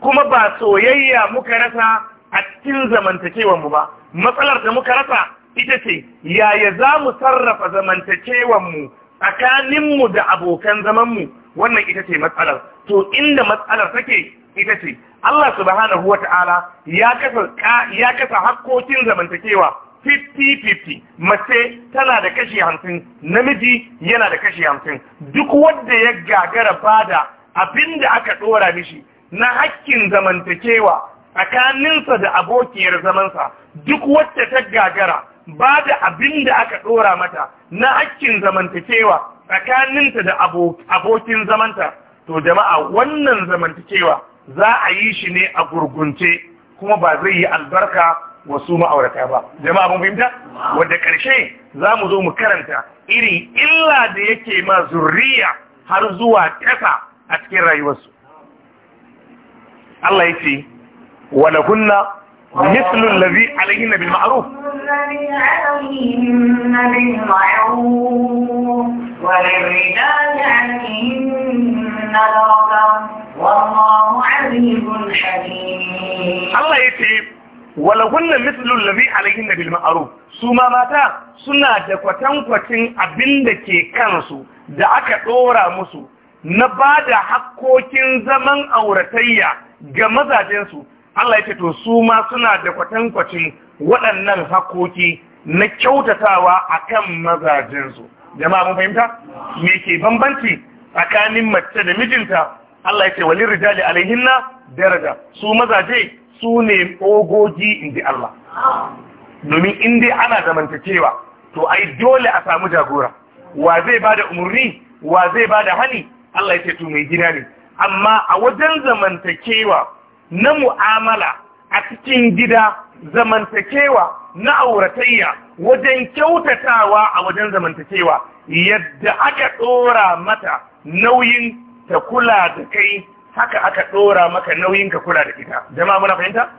kuma ba soyayya muka rasa a cikin zamantakewar mu ba matsalar da muka rasa ita ce yaya za mu sarrafa zamantakewan mu tsakaninmu da abokan zamanmu wannan ita ce matsalar to inda matsalar take ita ce Allah subhanahu wa ta'ala ya kasa hakkokin zamantakewa 50-50 mace tana da kashi hamsin namiji yana da kashi hamsin duk wadda ya gagara bada abinda aka dora mishi na hakkin zamantakewa tsakaninsa da abokiyar zamansa duk wadda ta gagara ba da abin da aka ɗora mata na hakkin zamantakewa tsakaninta da abokin zamanta to jama'a wannan zamantakewa za a yi shi ne a gurgunce kuma ba zai yi albarka wasu ma'aurata ba jama'a mun fahimta wadda ƙarshe za mu zo mu karanta iri illa da yake ma zurriya har zuwa ƙasa a cikin rayuwarsu Allah ya ce wa kunna. مثل الذي عليهن بالمعروف الله يتي ولهن مثل الذي عليهن بالمعروف سوما ماتا suna da kwatankwacin abin da ke kansu da aka ɗora musu na ba da hakkokin zaman auratayya ga mazajensu Allah ya ce to su ma suna da kwatankwacin waɗannan hakoki na kyautatawa a kan mazajensu jama'a mun fahimta me ke bambanci tsakanin mace da mijinta Allah ya ce walin rijali alaihinna daraja su mazaje su ne ogogi ji Allah domin in dai ana zamantakewa to ai dole a samu jagora wa zai ba da umarni wa zai bada hani Allah ya ce to mai gida ne amma a wajen zamantakewa na mu'amala a cikin gida zamantakewa na auratayya wajen kyautatawa a wajen zamantakewa yadda aka ɗora mata nauyin ta kula da kai haka aka ɗora maka nauyin ka kula da ita jama'a muna fahimta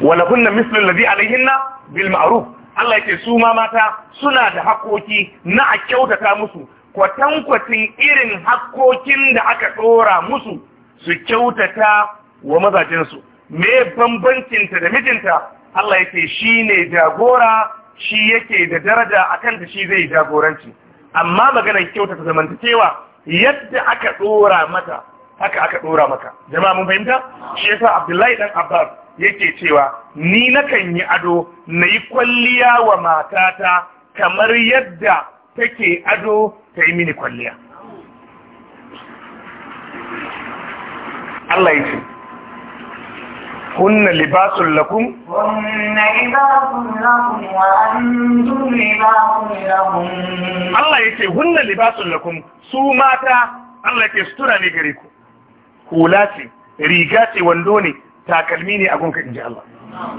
wala kunna mislu alladhi alayhinna bil ma'ruf Allah yake su ma mata suna da hakoki na a kyautata musu kwatankwatin irin hakokin da aka ɗora musu su kyautata wa mazajensu me bambancinta da mijinta Allah yake shi ne jagora shi yake da daraja a kanta shi zai jagoranci amma maganar kyautata zamantakewa yadda aka ɗora mata haka aka ɗora maka jama'a mun fahimta shi yasa abdullahi dan abbas yake cewa ni nakan yi ado na yi kwalliya wa matata kamar yadda take ado ta yi mini kwalliya Allah ya ce hunna libasun lakum hunna libasul lakum wa antum libasul lahum Allah ya ce hunna libasun lakum su mata Allah ya ce sutura ne gare ku hula ce riga ce wando ne takalmi ne a gunka inji Allah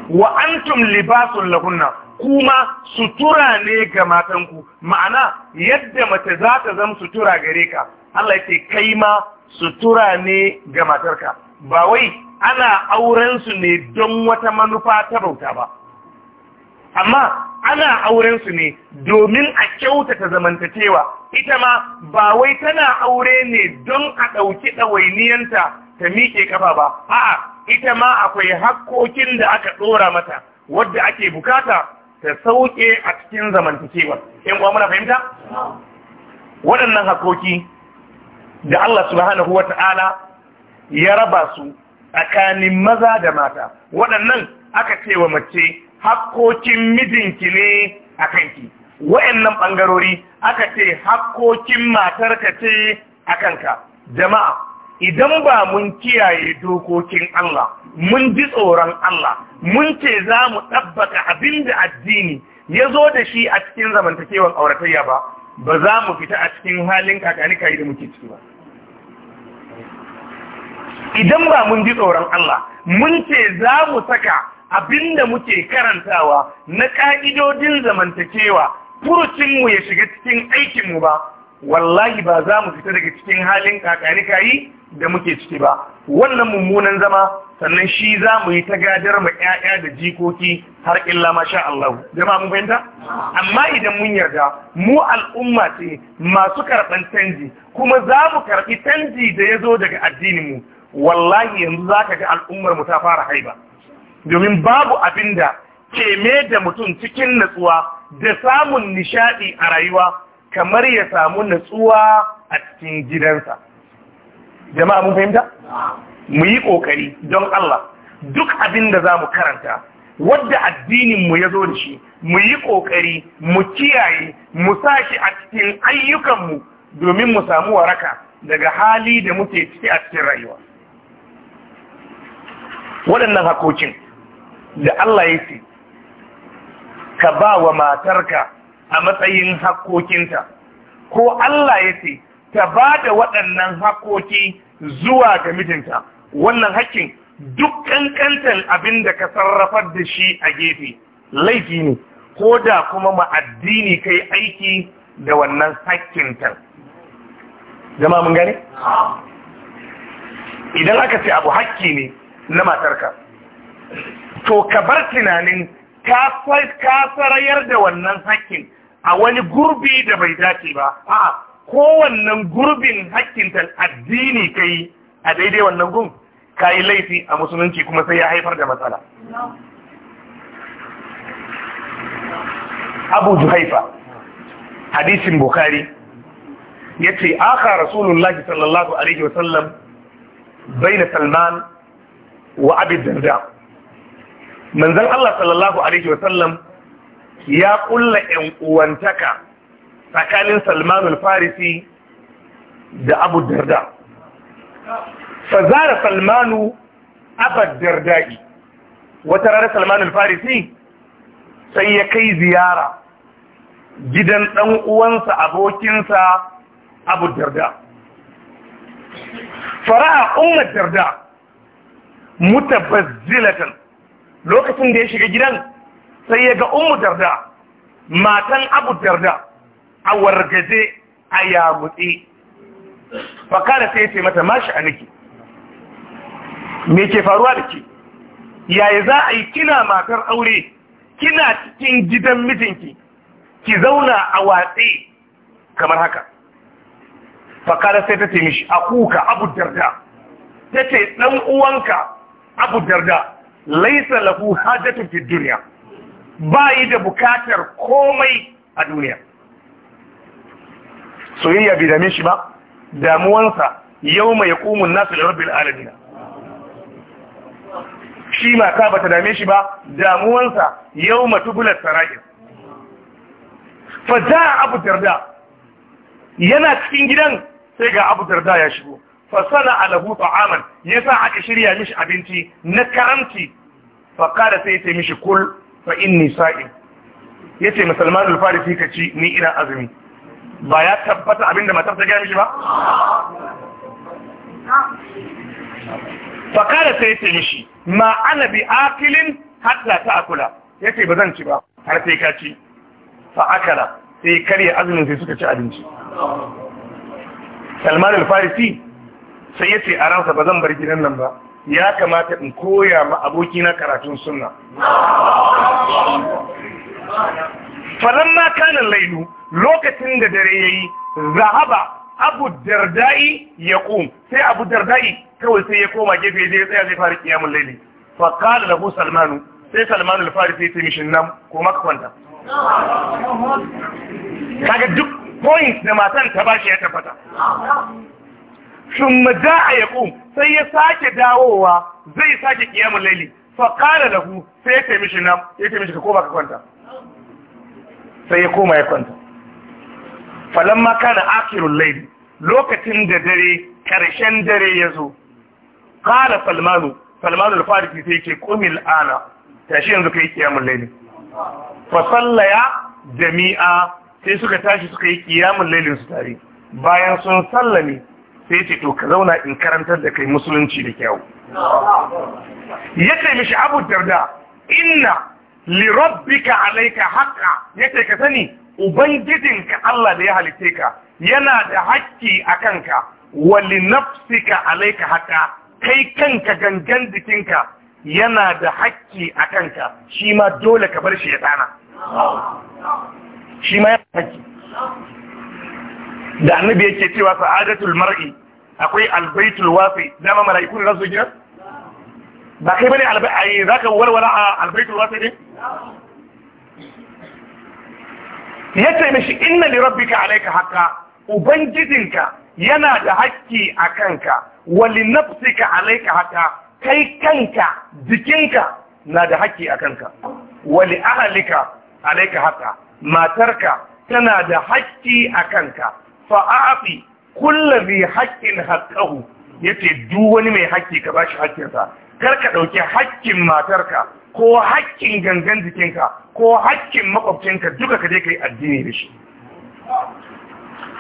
wa antum libasun lakum kuma sutura ne ga matanku ma'ana yadda mace za ta zama sutura gare ka Allah yake kai ma sutura ne ga matarka ba wai ana aurensu ne don wata manufa ta bauta ba amma ana aurensu ne domin a kyautata zamantakewa ita ma ba wai tana aure ne don a ɗauki ɗawainiyanta ta miƙe ƙafa ba a'a ita ma akwai hakkokin da aka ɗora mata wadda ake bukata ta sauke a cikin zamantakewa in kuwa muna fahimta waɗannan hakkoki da Allah subhanahu wata'ala ya raba su tsakanin maza da mata waɗannan aka ce wa mace hakkokin mijinki ne a kanki waɗannan ɓangarori aka ce hakkokin matarka ce a kanka jama'a idan ba mun kiyaye dokokin Allah mun ji tsoron Allah mun ce za mu ɗabbaka abin da addini ya zo da shi a cikin zamantakewar auratayya ba ba za mu fita a cikin halin kakani kayi da muke ciki ba idan ba mun ji tsoron Allah mun ce za mu saka abinda muke karantawa na ƙa'idodin zamantakewa furucinmu ya shiga cikin aikinmu ba wallahi ba za mu fita daga cikin halin kakanikayi da muke ciki ba wannan mummunan zama sannan shi za mu yi ta gadar ma 'ya'ya da jikoki har illa masha Allah jama'a mun fahimta amma idan mun yarda mu al'umma ce masu karɓan canji kuma za mu karɓi canji da ya zo daga addininmu. wallahi yanzu za ka ga al'ummar mu ta fara haiba domin babu abin da ke me da mutum cikin natsuwa da samun nishadi a rayuwa kamar ya samu natsuwa a cikin gidansa jama'a mun fahimta mu yi ƙoƙari don Allah duk abin da za karanta wadda addininmu ya zo da shi mu yi ƙoƙari mu kiyaye mu sa shi a cikin mu domin mu samu waraka daga hali da muke ciki a cikin rayuwa waɗannan hakokin da Allah ya ce ka ba wa matarka a matsayin hakokinta ko Allah ya ce ta ba da waɗannan hakoki zuwa ga mijinta wannan hakkin duk ƙanƙantar abin da ka sarrafar da shi a gefe laifi ne ko da kuma ma'addini kai aiki da wannan hakkinta zama mun gane? idan aka ce abu hakki ne na matarka to ka bar tunanin ka sarayar da wannan hakkin a wani gurbi da bai dace ba a kowannan gurbin hakkin addini ka yi a daidai wannan gun ka yi laifi a musulunci kuma sai ya haifar da matsala abu juhaifa hadisin bukari ya ce aka rasulullahi sallallahu alaihi wasallam bai salman wa abi darda manzon Allah sallallahu alaihi Wasallam ya kulla yan uwantaka tsakanin Salman al-Farisi da Abu Darda fa Salmanu Abu Darda'i wata rana Salman al-Farisi sai ya kai ziyara gidan ɗan uwansa abokinsa Abu Darda fara'a ummar Darda mutabazzilatan lokacin da ya shiga gidan sai ya ga umu darda matan abu darda a wargaje a yamutse fakara sai ce mata mashi a niki me ke faruwa da ke yaya za a yi kina matar aure kina cikin gidan mijinki ki zauna a watse kamar haka fakara sai ta ce mishi a kuka abu darda ta ce ɗan uwanka abu darda laisa lahu hajatu fi duniya yi da bukatar komai a duniya soyayya bai dame shi ba damuwansa yawma yaqumun nasu da rabbil alamin shi mata bata dame shi ba damuwansa yawma tubulat sara'ir fa a abu darda yana cikin gidan sai ga abu darda ya shigo fasana alahu ta'aman ya sa aka shirya mishi abinci na karamci fakada sai ya ce mishi kul fa inni sa'im ya ce musulman alfarisi ka ci ni ina azumi ba ya tabbata abinda matar ta gaya mishi ba fakada sai ya ce mishi ma ana bi akilin hatta ta akula ya ce ba zan ci ba har sai ka ci fa akala sai karya azumin sai suka ci abinci salman alfarisi sai ya ce a ransa ba zan bar gidan nan ba ya kamata in koya ma abokina karatun sunna falamma kana lailu lokacin da dare yayi zahaba abu dardai ya kum sai abu dardai kawai sai ya koma gefe zai tsaya zai fara kiyamun laili fa qala lahu salmanu sai salmanu al sai ya mishin nan ko maka kwanta kaga duk point da matan ta bashi ya tabbata ثم جاء يقوم sai ya sake dawowa zai sake kiyamul laili fa qala lahu sai ya mishi nan ka koma ka kwanta sai ya koma kwanta falamma kana akhirul laili lokacin da dare karshen dare ya zo qala salmanu salmanu al-farisi sai ce qumil ana tashi yanzu kai kiyamul laili fa sallaya jami'a sai suka tashi suka yi ƙiyamin lailin su tare bayan sun sallame sai ce to ka zauna in karantar da kai musulunci da kyau ya ce mishi abu darda inna li rabbika alayka haqqa ya ce ka sani ubangijinka Allah da ya halitte ka yana da haƙƙi a kanka wa li nafsika alayka haqqa kai kanka gangan jikinka yana da haƙƙi a kanka shi ma dole ka bar shi ya tsana shi ma ya haƙƙi da annabi yake cewa sa'adatul mar'i akwai albaitul wafi dama mala'iku ne za su gina ba kai bane albai za ka warware a albaitul wafi ne yace mishi inna li rabbika alayka haqqa ubangijinka yana da haƙƙi a kanka wa li nafsika alayka haqqa kai kanka jikinka na da haƙƙi a kanka wa li ahlika alayka haqqa matarka tana da haƙƙi a fa fa'afi kullabi haƙƙin haƙƙahu ce duk wani mai haƙƙi ka bashi haƙƙinsa kar ka ɗauki haƙƙin matarka ko haƙƙin gangan jikinka ko haƙƙin maƙwabcinka duka ka je ka yi addini da shi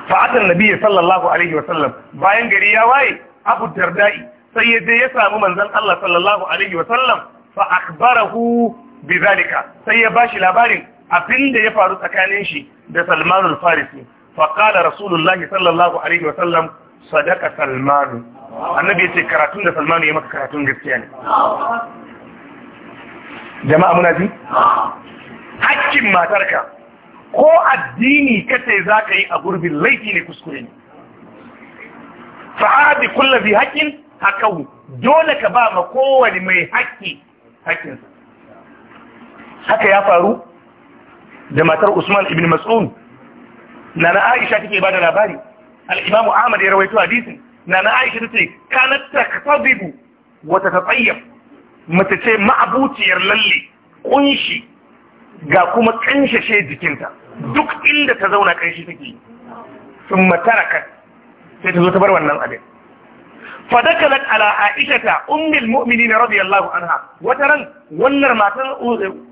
fa'atan nabi sallallahu alaihi wasallam bayan gari ya waye abu dardai sai ya je ya samu manzon Allah sallallahu alaihi wasallam fa akhbarahu zalika sai ya bashi labarin abin da ya faru tsakanin shi da Salman al-Farisi Faƙada rasulullahi sallallahu alaihi wasallam sadaka salmanu annabi ya ce karatun da salmanu ya maka karatun gaskiya ne jama'a muna ji hakkin matarka ko addini kace za ka yi a gurbin laifi ne kuskure ne fa'adi kullabi haƙƙin hakau dole ka ba ma kowane mai haƙƙi haƙƙinsa. haka ya faru da matar usman ibn mas'ud nana aisha take bada labari al-imamu ahmad ya rawaito hadisin nana aisha tace kanat taktabibu wa tatatayyab mace ce ma'abuciyar lalle kunshi ga kuma kanshashe jikinta duk inda ta zauna kanshi take sun matarakat sai ta zo ta bar wannan abin fadakalat ala aishata ummul mu'minin radiyallahu anha ran wannan matan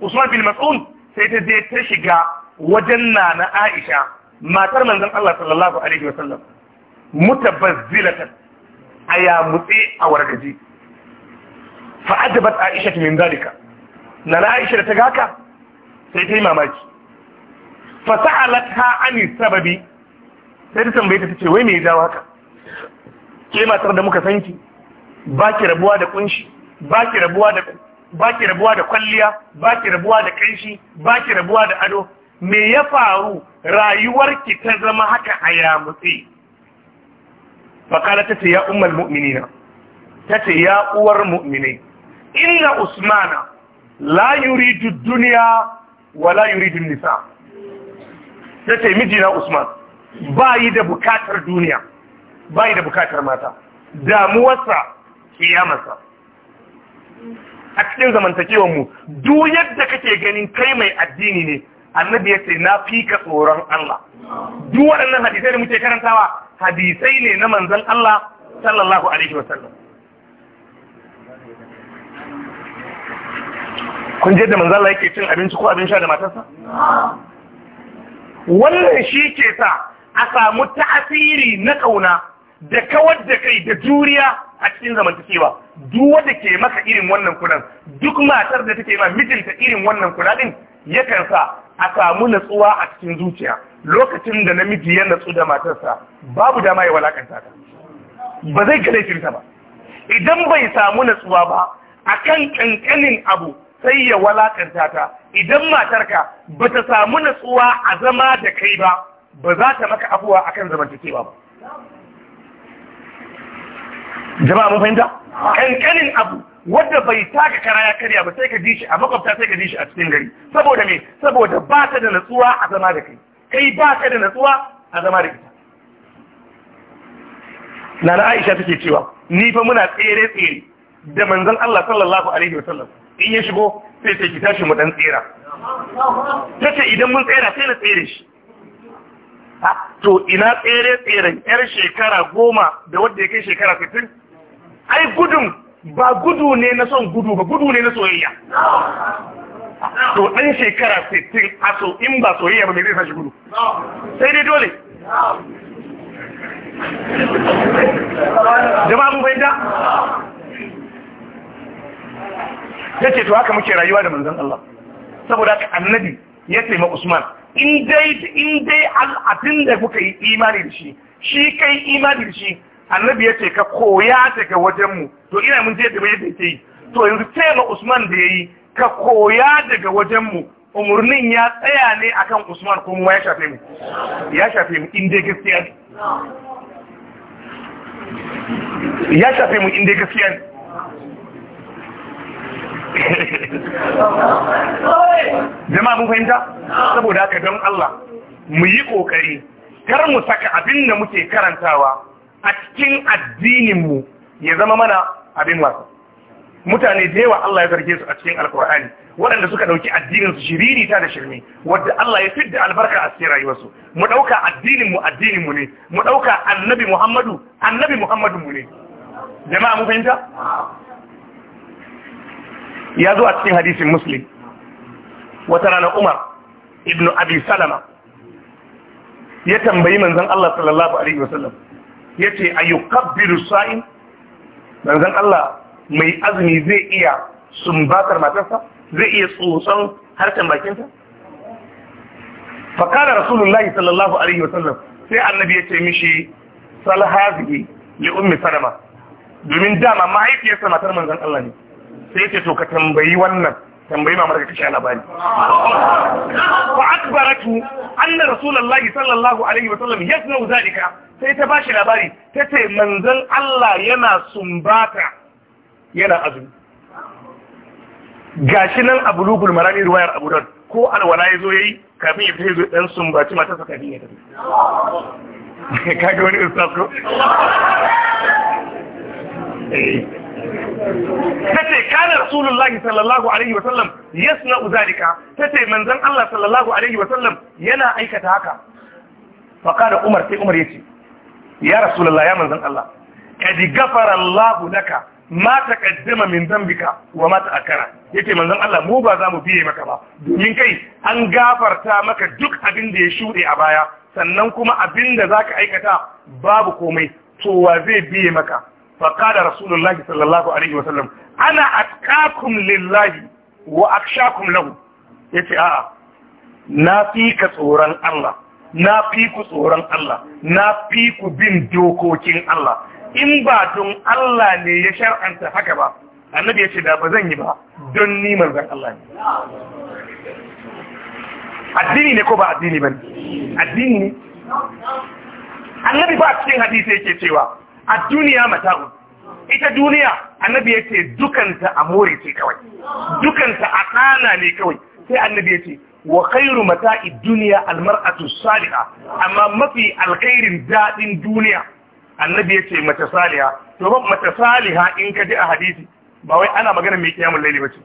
usman bin mas'ud sai ta je ta shiga wajen nana aisha matar manzon Allah sallallahu alaihi wasallam mutabazzilatan aya mutse a wargaji fa ajabat aisha min zalika na aisha da ta ga haka sai ta yi mamaki fa sa'alatha ani sababi sai ta tambaye ta tace wai me ya jawo haka ke matar da muka sanki baki rabuwa da kunshi baki rabuwa da baki rabuwa da kwalliya baki rabuwa da kanshi baki rabuwa da ado me ya faru Rayuwar ki ta zama haka a yamutse fakala ta ce ya umar mu'minina ta ce ya uwar mu'minai inna usmana la yuridu duniya wa la yuridu nisa ta ce mijina usman ba yi da bukatar duniya ba yi da bukatar mata damuwarsa kiyamarsa a cikin zamantakewar mu duk yadda kake ganin kai mai addini ne annabi ya ce na fi ka tsoron Allah duk waɗannan hadisai da muke karantawa hadisai ne na manzan Allah sallallahu alaihi wa sallam kun je da manzan Allah yake cin abinci ko abin sha da matarsa wannan shi ke sa a samu ta'asiri na kauna da kawar da kai da juriya a cikin zamantakewa duk wanda ke maka irin wannan kudan duk matar da take ma mijinta irin wannan kudan yakan sa a samu natsuwa a cikin zuciya lokacin da namiji ya natsu da matarsa babu dama ya walakanta ta ba zai ga laifinta ba idan bai samu natsuwa ba akan kankanin abu sai ya walakanta ta idan matarka ba ta samu natsuwa a zama da kai ba ba za ta maka afuwa akan zamantakewa ba jama'a mun fahimta kankanin abu wadda bai taka kara ya karya ba sai ka ji shi a makwabta sai ka ji shi a cikin gari saboda me saboda ba ka da natsuwa a zama da kai kai ba ka da natsuwa a zama da ita nana Aisha take cewa ni fa muna tsere tsere da manzon Allah sallallahu alaihi wa sallam in ya shigo sai sai ki tashi mu dan tsera tace idan mun tsera sai na tsere shi to ina tsere tseren yar shekara goma da wadda ya kai shekara 60 ai gudun ba gudu ne na son gudu ba gudu ne na soyayya to dan shekara 60 a in ba soyayya ba mai zai sashi gudu sai dai dole jama'a mun fahimta ya to haka muke rayuwa da Manzon Allah saboda ka annabi ya ma Usman in dai in dai al'adun da kuka yi imani da shi shi kai imani da shi annabi ya ce ka koya daga wajenmu to ina mun je da mai da yake yi to yanzu tela usman da ya yi. ka koya daga wajenmu umarnin ya tsaya ne akan usman ko mu ya shafe mu ya shafe mu inda gaskiya ne ya shafe mu inda gaskiya ne <laughs> jama'a mun fahimta saboda haka don Allah mu yi kokari kar mu saka abin da muke karantawa a cikin addininmu ya zama mana abin wasa mutane da yawa Allah ya zarge su a cikin alkur'ani waɗanda suka ɗauki addinin su shiriri ta da shirme wadda Allah ya fidda albarka a cikin rayuwarsu mu ɗauka addininmu addininmu ne mu ɗauka annabi Muhammadu annabi Muhammadu mu ne jama'a mu fahimta ya zo a cikin hadisin Muslim wata rana Umar ibn Abi Salama ya tambayi manzon Allah sallallahu alaihi wasallam ya ce yace kabbiru sa'in zan Allah mai azumi zai iya sumbatar matarsa zai iya tsotson harkar bakinsa fakara rasulullahi sallallahu alaihi wasallam sai annabi ya ce mishi salhazihi li ummi salama domin dama mahaifiyarsa matar manzon Allah ne sai ya ce to ka tambayi wannan tambayi mamar ka kashe labari wa akbaratu anna rasulullahi sallallahu alaihi wa sallam yasnau zalika sai ta bashi labari ta ce manzan Allah yana sumbata yana azumi gashi nan abu lugul marani ruwayar abu don ko alwala ya zo ya yi kafin ya fito dan sumbaci matarsa kafin <laughs> kaga wani ustaz ko eh. tace kana rasulullahi sallallahu alaihi wa sallam yasna'u zalika tace manzon Allah sallallahu alaihi wa sallam yana aikata haka fa kana Umar sai Umar yace ya rasulullahi ya manzon Allah kad gafara Allah laka ma taqaddama min dhanbika wa ma ta'akkara yace manzon Allah mu ba za mu biye maka ba domin kai an gafarta maka duk abin da ya shude a baya sannan kuma abin da zaka aikata babu komai to wa zai biye maka فقال رسول الله صلى الله عليه وسلم أنا أتقاكم لله وأخشاكم له Allah. Na fi ku tsoron Allah. Na fi ku bin dokokin Allah. in ba don Allah ne ya shar'anta haka ba annabi ya ce da ba zan yi ba don ni manzon Allah ne addini ne ko ba addini ba addini ne annabi ba cikin hadisi yake cewa a duniya mata'un ita duniya annabi ya ce dukanta a more ce kawai dukanta a ɗana ne kawai sai annabi ya ce wa khairu mata'i duniya almar'atu saliha amma mafi alkhairin daɗin duniya annabi ya ce mace saliha to ba mace saliha in ka ji a hadisi ba wai ana magana mai kiyamul laili bace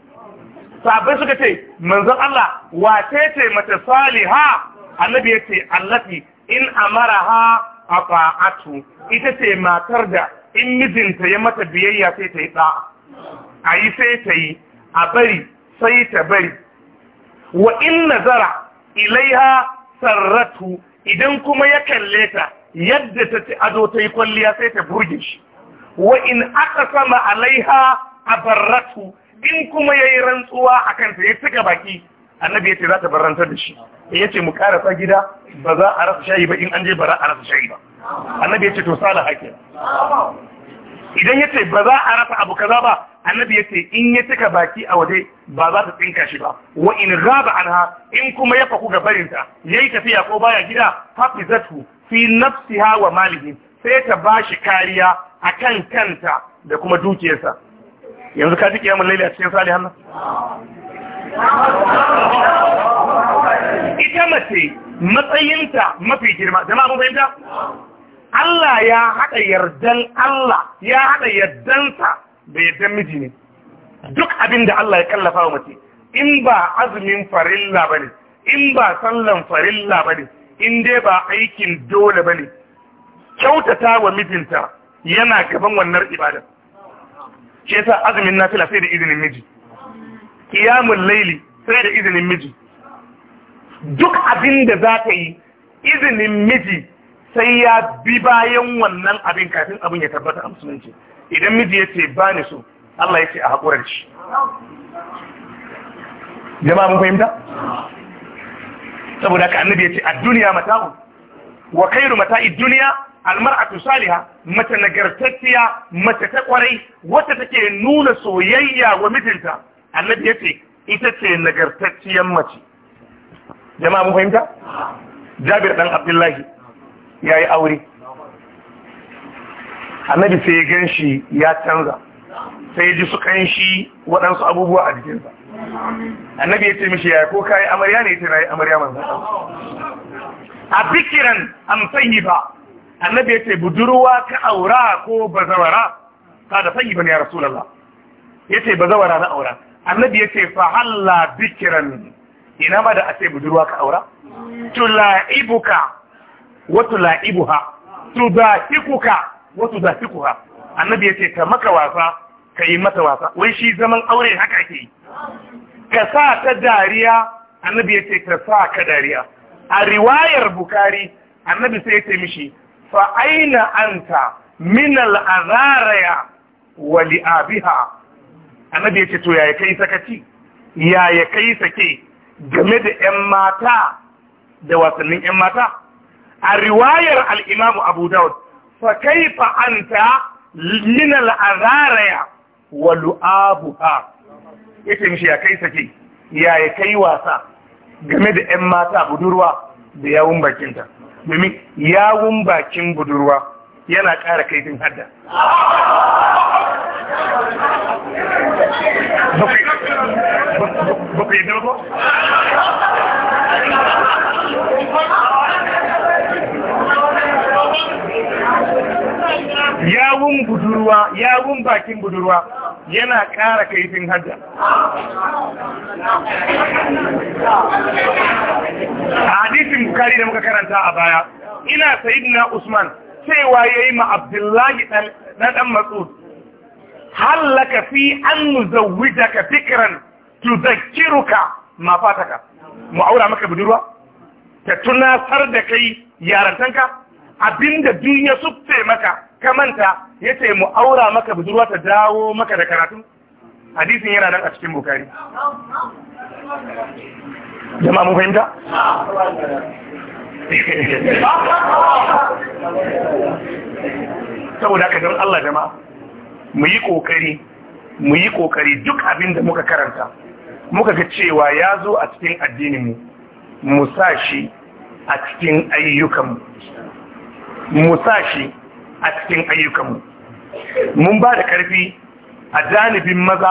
sahabbai suka ce manzon Allah wace ce mace saliha annabi ya ce allati in ha. A ata'atu ita ce matar da in mijinta ya mata biyayya sai ta yi ɗa’a a yi sai ta yi a bari sai ta bari wa in nazara ilaiha sarratu idan kuma ya kalle ta yadda ta ci ado ta yi kwalliya sai ta burge shi wa in aka sama alaiha a barratu in kuma ya yi rantsuwa a kanta ya cika baki annabi ya ce za ta barantar da shi ya mu mu karasa gida ba za a rasa shayi ba in an je bara a rasa shayi ba annabi ya ce to sala hakin idan yace ba za a rasa abu kaza ba annabi yace in ya cika baki a waje ba za ta tsinka shi ba wa in gaba anha in kuma ya faku ga barinta yayi tafiya ko baya gida hafizatu fi nafsiha wa malihi sai ta bashi kariya akan kanta da kuma dukiyarsa yanzu ka ji kiyamun laila cikin salihan nan ita mace matsayinta mafi girma jama'a mun fahimta Allah ya haɗa yardan Allah ya haɗa yardansa da yardan miji ne duk abinda Allah ya kallafa wa mace in ba azumin farilla ba ne in ba sallan farilla ba ne in dai ba aikin dole ba ne kyautata wa mijinta yana gaban wannan ibada shi yasa azumin nafila sai da izinin miji kiyamun laili sai da izinin miji duk abin da za ta yi izinin miji sai ya bi bayan wannan abin kafin abin ya tabbata a musulunci idan miji ya ce ba ni so Allah ya ce a haƙurar shi jama mun fahimta saboda ka annabi ya ce a duniya mata'u wa kairu mata'i duniya almar'atu saliha mace nagartacciya mace ta kwarai wacce take nuna soyayya wa mijinta annabi ya ce ita ce nagartacciyar mace jama'a mun fahimta jabir dan abdullahi ya yi aure annabi sai ya gan shi ya canza sai ya ji su kan shi waɗansu abubuwa a jikinsa annabi ya ce mishi ya ko kayi amarya ne ya ce na yi amarya manzan a bikiran amsayi ba annabi ya ce budurwa ka aura ko bazawara ka da sayi ba ne ya rasulallah ya ce bazawara na aura annabi yace fa halla bikiran. ina ma da a ce budurwa ka aura tula'ibuka wa tula'ibuha tudahikuka wa tudahikuha annabi ce ta maka wasa ka yi mata wasa wai shi zaman aure haka ke yi ka sa ta dariya annabi yace ka sa ka dariya a riwayar bukari annabi sai ya ce mishi fa aina anta min al-azariya wali abiha. annabi ya ce to yaya kai sakaci yaya kai sake game da 'yan mata da wasannin 'yan mata a riwayar al'imamu abu daud fa kaifa anta min al'azaraya wa lu'abuha yace mishi ya kai sake yaya kai wasa game da 'yan mata budurwa da yawun bakinta domin yawun bakin budurwa yana ƙara kaifin hadda ba dogo? yawun budurwa yawun bakin budurwa yana ƙara kaifin hadda a hadisin bukari da muka karanta a baya ina sayidina usman cewa ya yi ma abdullahi na ɗan matsu, hallaka fi an nuzawwida daga fikiran tuzakkiruka ma fataka mu aura maka budurwa ta tunasar da kai yarantanka abinda duniya su fe maka kamanta manta ya ce mu aura maka budurwa ta dawo maka da karatu hadisin yana nan a cikin bukari jama'a mun fahimta <laughs> saboda ka don Allah jama mu yi kokari mu yi kokari duk abin da muka karanta muka ga cewa ya zo a cikin addininmu mu sa shi a cikin ayyukanmu mu a cikin ayyukanmu mun ba da karfi a janibin maza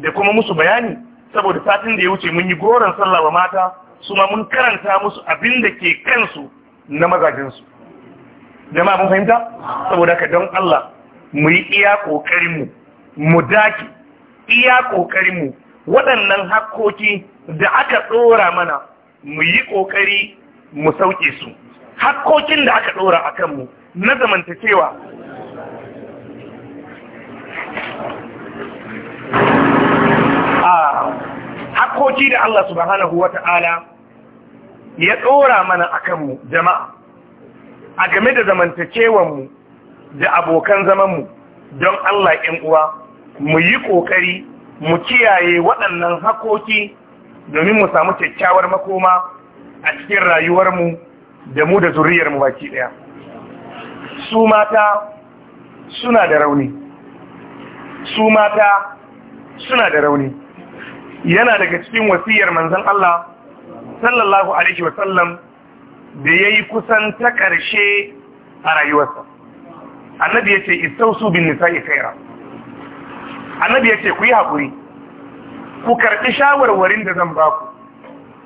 da kuma musu bayani saboda satin da ya wuce mun yi goron sallah wa mata Suma mun karanta musu abin da ke kansu na mazajensu jama'a mun fahimta saboda ka don Allah mu yi iya kokarinmu mu daki iya kokarinmu waɗannan hakkoki da aka ɗora mana mu yi kokari mu sauƙi su hakkokin da aka ɗora a kanmu na zamantakewa ah, hakkoki da Allah subhanahu wa ta'ala ya ɗora mana akan mu jama'a a game da zamantakewanmu da abokan zamanmu don Allah uwa mu yi ƙoƙari mu kiyaye waɗannan hakoki domin mu samu kyakkyawar makoma a cikin rayuwarmu da mu da zuriyarmu baki ɗaya su mata suna da rauni su mata suna da rauni yana daga cikin wasiyar manzan Allah sallallahu alaihi wasallam da yayi kusan ta ƙarshe a rayuwarsa annabi yace ce istausu bin nisa'i khaira annabi yace ku yi hakuri ku karɓi shawarwarin da zan ba ku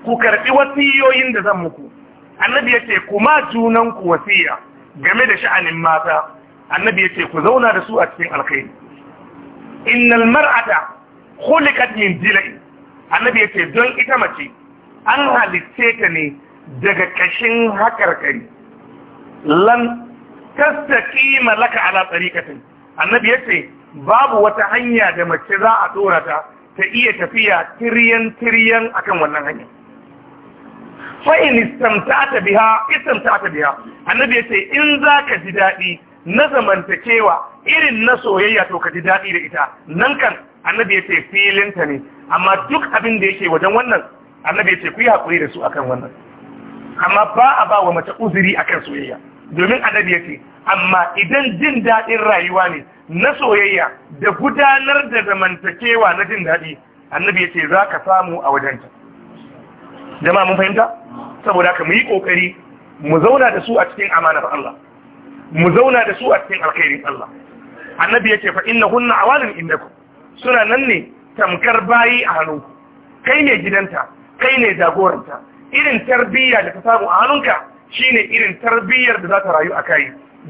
ku karɓi wasiyoyin da zan muku annabi yace ku ma ku wasiya game da sha'anin mata annabi yace ku zauna da su a cikin alkhairi innal mar'ata khuliqat min dilai annabi yace don ita mace an halitte ta ne daga kashin haƙarƙari lan tastaki malaka ala tsarikatin annabi ya ce babu wata hanya da mace za a tsora ta ta iya tafiya tiriyan tiriyan akan wannan hanya fa'in istamta biha biha annabi ya ce in za ka ji daɗi na zamantakewa irin na soyayya to ka ji daɗi da ita nan kan annabi ya ce filinta ne amma duk abin da yake wajen wannan annabi ya ce ku yi haƙuri da su akan wannan amma ba a ba wa mace uzuri akan soyayya domin annabi ya ce amma idan jin daɗin rayuwa ne na soyayya da gudanar da zamantakewa na jin daɗi annabi ya ce za ka samu a wajenta jama'a mun fahimta saboda ka mu yi ƙoƙari mu zauna da su a cikin amanar Allah mu zauna da su a cikin alkhairin Allah annabi ya ce fa hunna awalin indakum suna nan ne tamkar bayi a hannu kai ne gidanta kai ne jagoranta irin tarbiyya da ta samu a hannunka shine irin tarbiyyar da za ta rayu a kai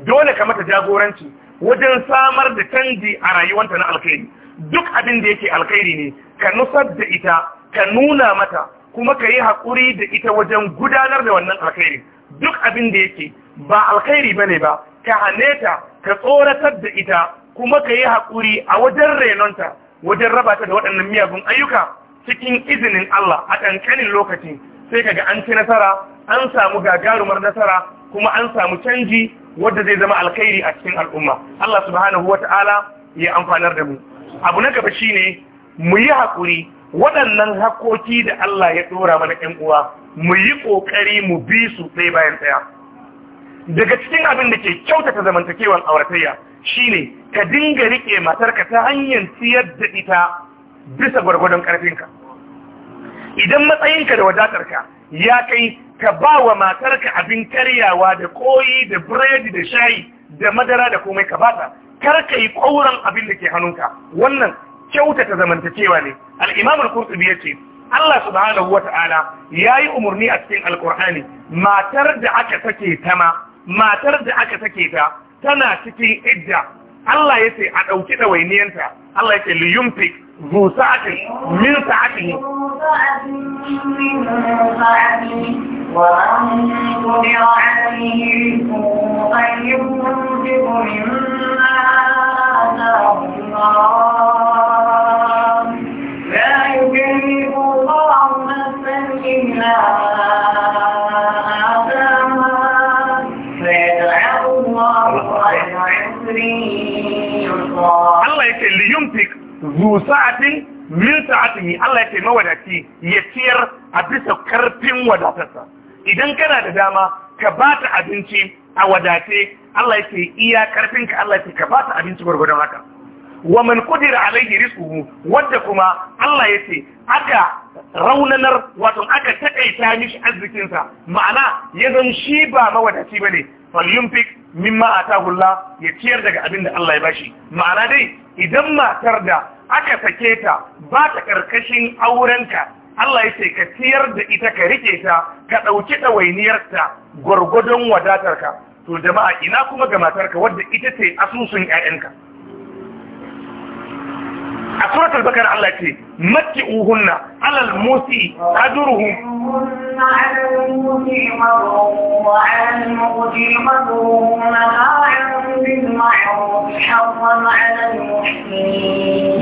dole ka mata jagoranci wajen samar da canji a rayuwanta na alkhairi duk abin da yake alkhairi ne ka nusar da ita ka nuna mata kuma ka yi haƙuri da ita wajen gudanar da wannan alkhairi duk abin da yake ba alkhairi ba ne ba ka hane ta ka tsoratar da ita kuma ka yi haƙuri a wajen renonta wajen raba ta da waɗannan miyagun ayyuka cikin izinin Allah a ƙanƙanin lokaci sai kaga an ci nasara an samu gagarumar nasara kuma an samu canji wanda zai zama alkhairi a cikin al'umma Allah subhanahu wata'ala ya amfanar da mu abu na gaba shine mu yi haƙuri waɗannan hakoki da Allah ya ɗora mana ƴan uwa mu yi ƙoƙari mu bi su ɗaya bayan ɗaya daga cikin abin da ke kyautata zamantakewar auratayya shine ka dinga riƙe matarka ta hanyar ciyar da ita bisa gwargwadon ƙarfinka idan matsayinka da wadatarka ya kai ka ba wa matarka abin karyawa da koyi da biredi da shayi da madara da komai ka bata kar ka yi ƙauran abin da ke hannunka wannan kyautata zamantakewa ne al-imam al-qurtubi yace Allah subhanahu ya yayi umarni a cikin alkur'ani matar da aka take ta ma matar da aka take ta tana cikin idda Allah yace a ɗauki dawainiyanta Allah ce liyumfik ذو من سعته من سعته ومن قدر عليه رزقه فلينفق مما آتاه الله لا يكلف الله نفسا إلا آتاها سيجعل الله على عسره يسرا الله يكلف لينفق zu sa'atin min Allah ya ce mawadaci ya ciyar a bisa karfin wadatarsa idan kana da dama ka ba ta abinci a wadace Allah ya ce iya karfinka Allah ya ce ka ba ta abinci gwargwadon haka wa man qadira alaihi rizquhu wadda kuma Allah ya ce aka raunanar wato aka takaita mishi arzikinsa ma'ana ya zan shi ba mawadaci bane falyumfik mimma hula ya ciyar daga abin da Allah ya bashi ma'ana dai idan matar da aka sake ta ba ta karkashin aurenka Allah ya ce ka ciyar da ita ka rike ta ka ɗauki ɗawainiyarta gwargwadon wadatarka to jama'a ina kuma ga matarka wadda ita ce asusun 'ya'yanka a suratul bakara Allah ce matti uhunna alal musi ajruhum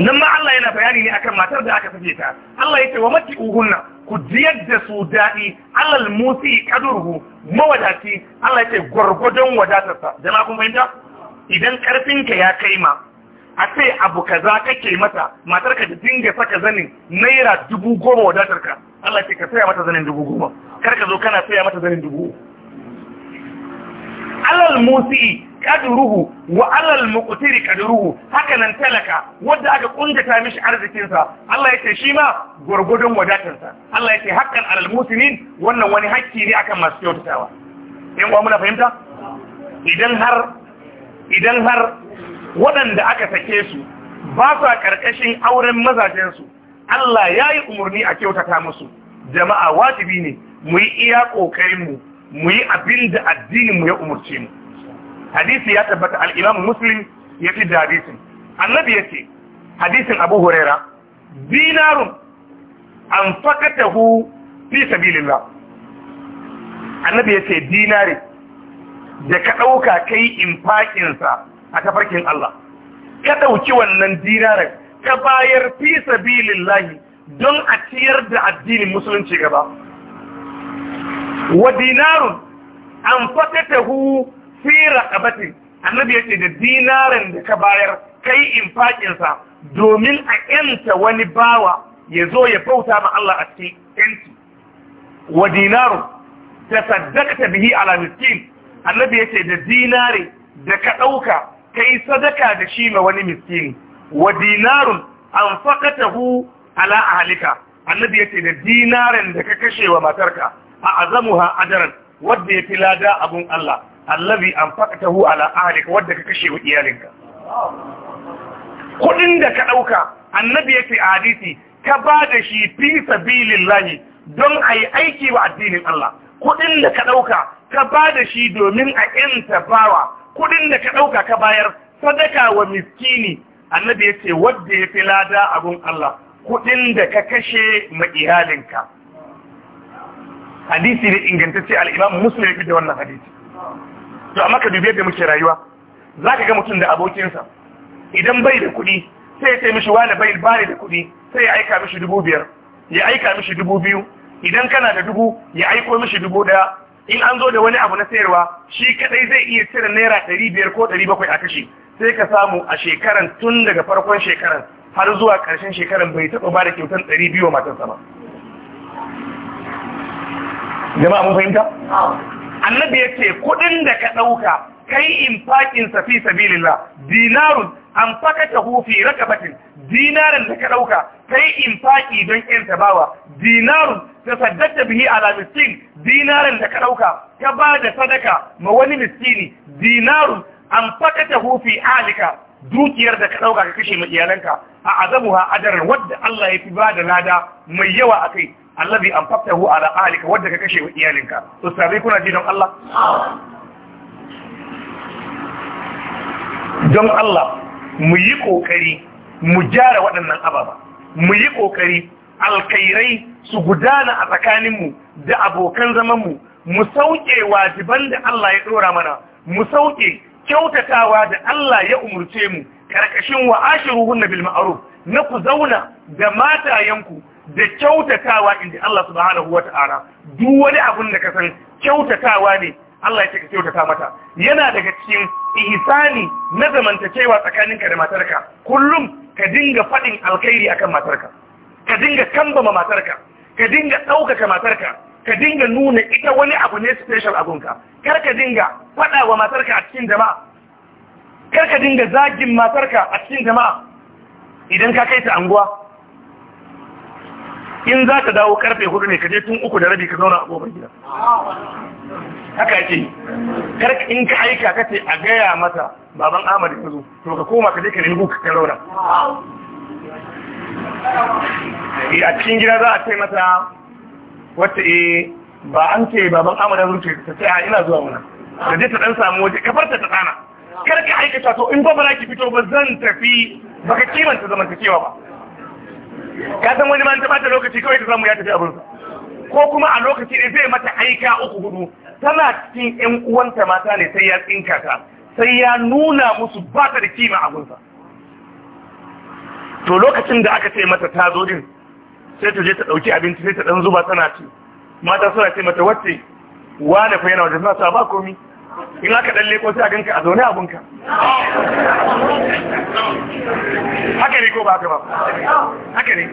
nan ma Allah yana bayani ne akan matar da aka fice ta Allah ya ce wa matti uhunna ku jiyar da su daɗi alal musi ajruhu mawadati. Allah ya ce gwargwadon wadatarsa jama'a kuma fahimta idan karfinka ya kai ma a ce abu kaza kake mata matar ka dinga saka zanin naira dubu goma wadatarka. ka Allah ce ka saya mata zanin dubu goma kar zo kana saya mata zanin dubu alal musi'i kaduruhu wa alal muqtiri kaduruhu haka nan talaka wanda aka kungata mishi arzikinsa, sa Allah ce shi ma gurgudun wadatar sa Allah yace hakan alal muslimin wannan wani hakki ne akan masu kyautatawa yan uwa muna fahimta idan har idan har waɗanda aka sake su ba sa ƙarƙashin auren mazajensu Allah ya yi umarni a kyautata musu jama'a wajibi ne mu yi iya ƙoƙarinmu mu yi abin da addininmu ya umarce mu hadisi ya tabbata al'imamu muslim ya fi da hadisin annabi ya ce hadisin abu huraira dinarun an hu, fi sabilillah annabi ya ce dinari da ka ɗauka kai in fakinsa a tafarkin Allah ka ɗauki wannan dinarin ka bayar fi lahi don a ciyar da addinin musulunci gaba wa dinarun an hu fi raƙabatin, annabi ce da dinarin da ka bayar kai in faƙinsa domin a yanta wani bawa ya zo ya bauta ma Allah a ce yanci wa dinarun ta bihi ala miskin annabi ce da dinari da ka ɗauka kai sadaka da shi ma wani miskini wa dinarun an hu ala ahalika annabi ce da dinarin da ka kashe wa matarka a azamuha ajran wanda ya fi lada abun Allah allazi an hu ala ahalika wanda ka kashe wa iyalinka kudin da ka ɗauka annabi yace a hadisi ka ba da shi fi sabilillahi don ayi aiki wa addinin Allah kudin da ka ɗauka ka ba da shi domin a 'yanta bawa kudin da ka ɗauka ka bayar sadaka wa miskini annabi ya ce wadda ya fi lada abun Allah kudin da ka kashe ma iyalinka hadisi ne ce al'imam musulun ya fi da wannan hadisi to amma ka dubi yadda muke rayuwa za ka ga mutum da abokinsa idan bai da kuɗi sai ya ce mishi bai bari da kuɗi sai ya aika mishi dubu biyar ya aika mishi dubu biyu idan kana da dubu ya aiko mishi dubu ɗaya in an zo da wani abu na sayarwa shi kadai zai iya cire naira ɗari biyar ko ɗari bakwai a kashe sai ka samu a shekaran tun daga farkon shekaran har zuwa ƙarshen shekaran bai taɓa ba da kyautan ɗari biyu wa matan ba jama'a mun fahimta annabi ya ce kuɗin da ka ɗauka kai in fakin safi sabilillah dinarun an fakata hufi rakabatin dinarin da ka ɗauka kai in faki don ƴan tabawa dinarun ta saddata bihi ala miskin dinarin da ka ɗauka ka ba da sadaka ma wani miskini dinarun an ta hufi alika dukiyar da ka ɗauka ka kashe ma iyalanka a azabu ha adarar wadda Allah ya fi ba da lada mai yawa a kai Allah bai an fakta hu ala alika wadda ka kashe ma iyalinka to sabai kuna ji don Allah don Allah mu yi ƙoƙari mu gyara waɗannan ababa mu yi ƙoƙari alkairai su gudana a tsakaninmu da abokan zamanmu mu sauke wajiban da Allah ya ɗora mana mu sauke kyautatawa da Allah ya umurce mu karkashin wa ashiruhunna bil ma'ruf na ku zauna da matayenku da kyautatawa inda Allah subhanahu wata'ala duk wani abun da ka san kyautatawa ne Allah ya ce kyautata mata yana daga cikin ihsani na zamantakewa tsakaninka da matarka kullum ka dinga faɗin alkhairi akan matarka ka dinga kambama matarka ka dinga ɗaukaka matarka ka dinga nuna ita wani abu ne special abunka kar ka dinga faɗa wa matarka a cikin jama'a kar ka dinga zagin matarka a cikin jama'a idan ka kai ta anguwa in za ka dawo karfe hudu ne ka je tun uku da rabi ka zauna a gobar gida haka ce kar in ka aika ka ce a gaya mata baban ahmad ya zo to ka koma ka je ka nemi ka zauna Eh, a cikin gida za a ce mata wata e eh, ba an ce baban amina zuci ta ce a ina zuwa muna da je ta dan samu waje kafar ta tsana kar ka aikata to in ba ba ki fito ba zan tafi baka kimanta cewa ba ka san wani ma ta bata lokaci kawai ta samu ya tafi abin ko kuma a lokaci ne zai mata aika uku hudu tana cikin ƴan uwanta mata ne sai ya tsinka ta sai ya nuna musu ba ta da kima abinsa to lokacin da aka ce mata ta zo din sai ta je ta ɗauki abinci sai ta ɗan zuba tana ci mata suna ce mata wacce wane fa yana wajen suna sa ba komi in aka dan leko sai a ganka a zaune ka. haka ne ko ba haka ba haka ne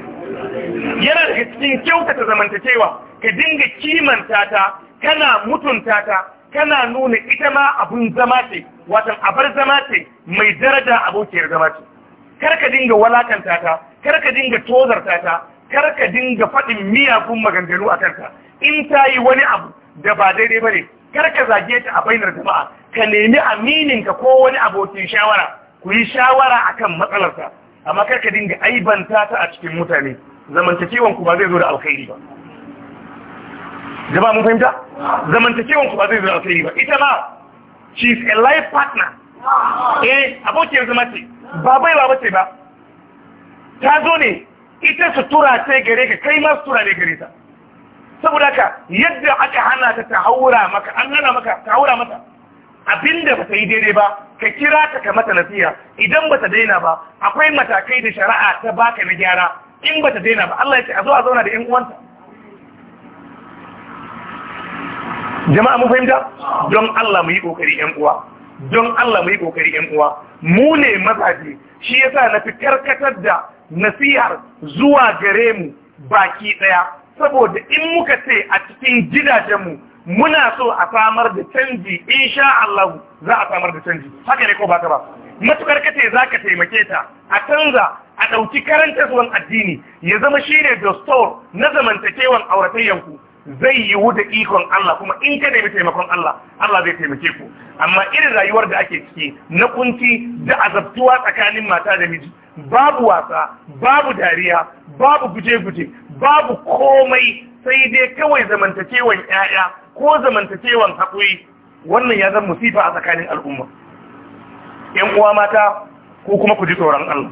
yana daga cikin kyautata zamantakewa ka dinga kimanta ta kana mutunta ta kana nuna ita ma abun zama ce watan abar zama ce mai daraja abokiyar zama ce kar ka dinga walakanta ta kar ka dinga tozarta ta kar ka dinga faɗin miyakun maganganu a kanta in ta yi wani abu da ba daidai ba ne kar ka zage ta a bainar jama'a ka nemi amininka ko wani abokin shawara ku yi shawara akan matsalarta amma kar ka dinga aibanta ta a cikin mutane zamantakewan ku ba zai zo da alkhairi ba jama'a mun fahimta zamantakewan ku ba zai zo da alkhairi ba ita ma she is a life partner eh abokiyar zama ce ba baiwa ba ce ba ta zo ne ita sutura sai gare ka kai ma sutura ne gare saboda ka yadda aka hana ta ta haura maka an hana maka ta haura mata abinda ba ta yi daidai ba ka kira ta ka mata nasiha idan ba ta daina ba akwai matakai da shari'a ta baka na gyara in ba ta daina ba Allah ya ce a zo a zauna da ƴan uwanta jama'a mun fahimta don Allah mu yi kokari ƴan uwa don Allah mai kokari yan uwa mu ne mazaje shi yasa na fi karkatar da nasihar zuwa gare mu baki ɗaya saboda in muka ce a cikin gidajenmu muna so a samar da canji insha Allah za a samar da canji haka ne ko ba ta ba matukar kace za ka taimake ta a canza a ɗauki zuwan addini ya zama shi ne dastor na zamantakewan auratayyanku zai yiwu da ikon Allah kuma in ka nemi taimakon Allah Allah zai taimake ku amma irin rayuwar da ake ciki na kunci da azabtuwa tsakanin mata da miji babu wasa babu dariya babu guje-guje babu komai sai dai kawai zamantakewan 'ya'ya ko zamantakewan haƙuri wannan ya zama musifa a tsakanin al'umma ‘yan uwa mata ko kuma ku ji tsoron Allah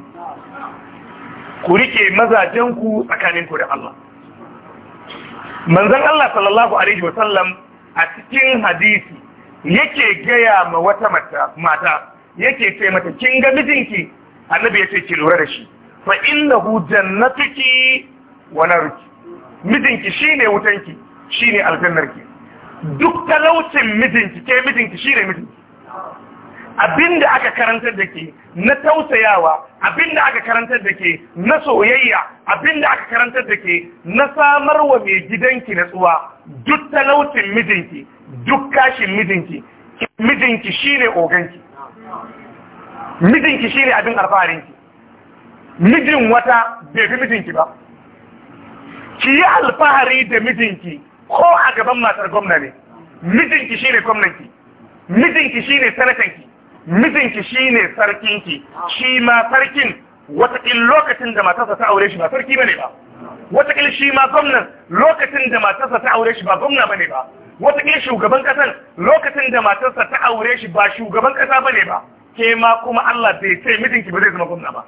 ku rike mazajenku ku da Allah manzon Allah sallallahu alaihi wasallam a cikin hadisi yake gaya ma wata mata yake ce mata kin ga mijinki annabi ya ce ki lura da shi fa innahu jannatuki wa narki mijinki shine wutanki shine aljannarki duk talaucin mijinki ke mijinki shine mijinki Abin da aka karantar da ke na tausayawa abin da aka karantar da ke na soyayya abin da aka karantar da ke na samarwa mai gidanki natsuwa duk talautin mijinki duk kashin mijinki mijinki shi ne oganki mijinki shi ne abin alfaharinki mijin wata bai fi mijinki ba ki yi alfahari da mijinki ko a gaban matar gwamna ne mijinki ne gwamnanki mijinki shi ne sanatanki mijinki shine sarkinki shi ma sarkin watakil lokacin da matarsa ta aure shi ba sarki ba ne ba watakil shi ma gwamnan lokacin da matarsa ta aure shi ba gwamna ba ne ba watakil shugaban kasan lokacin da matarsa ta aure shi ba shugaban kasa ne ba ke ma kuma Allah bai ce mijinki ba zai zama gwamna ba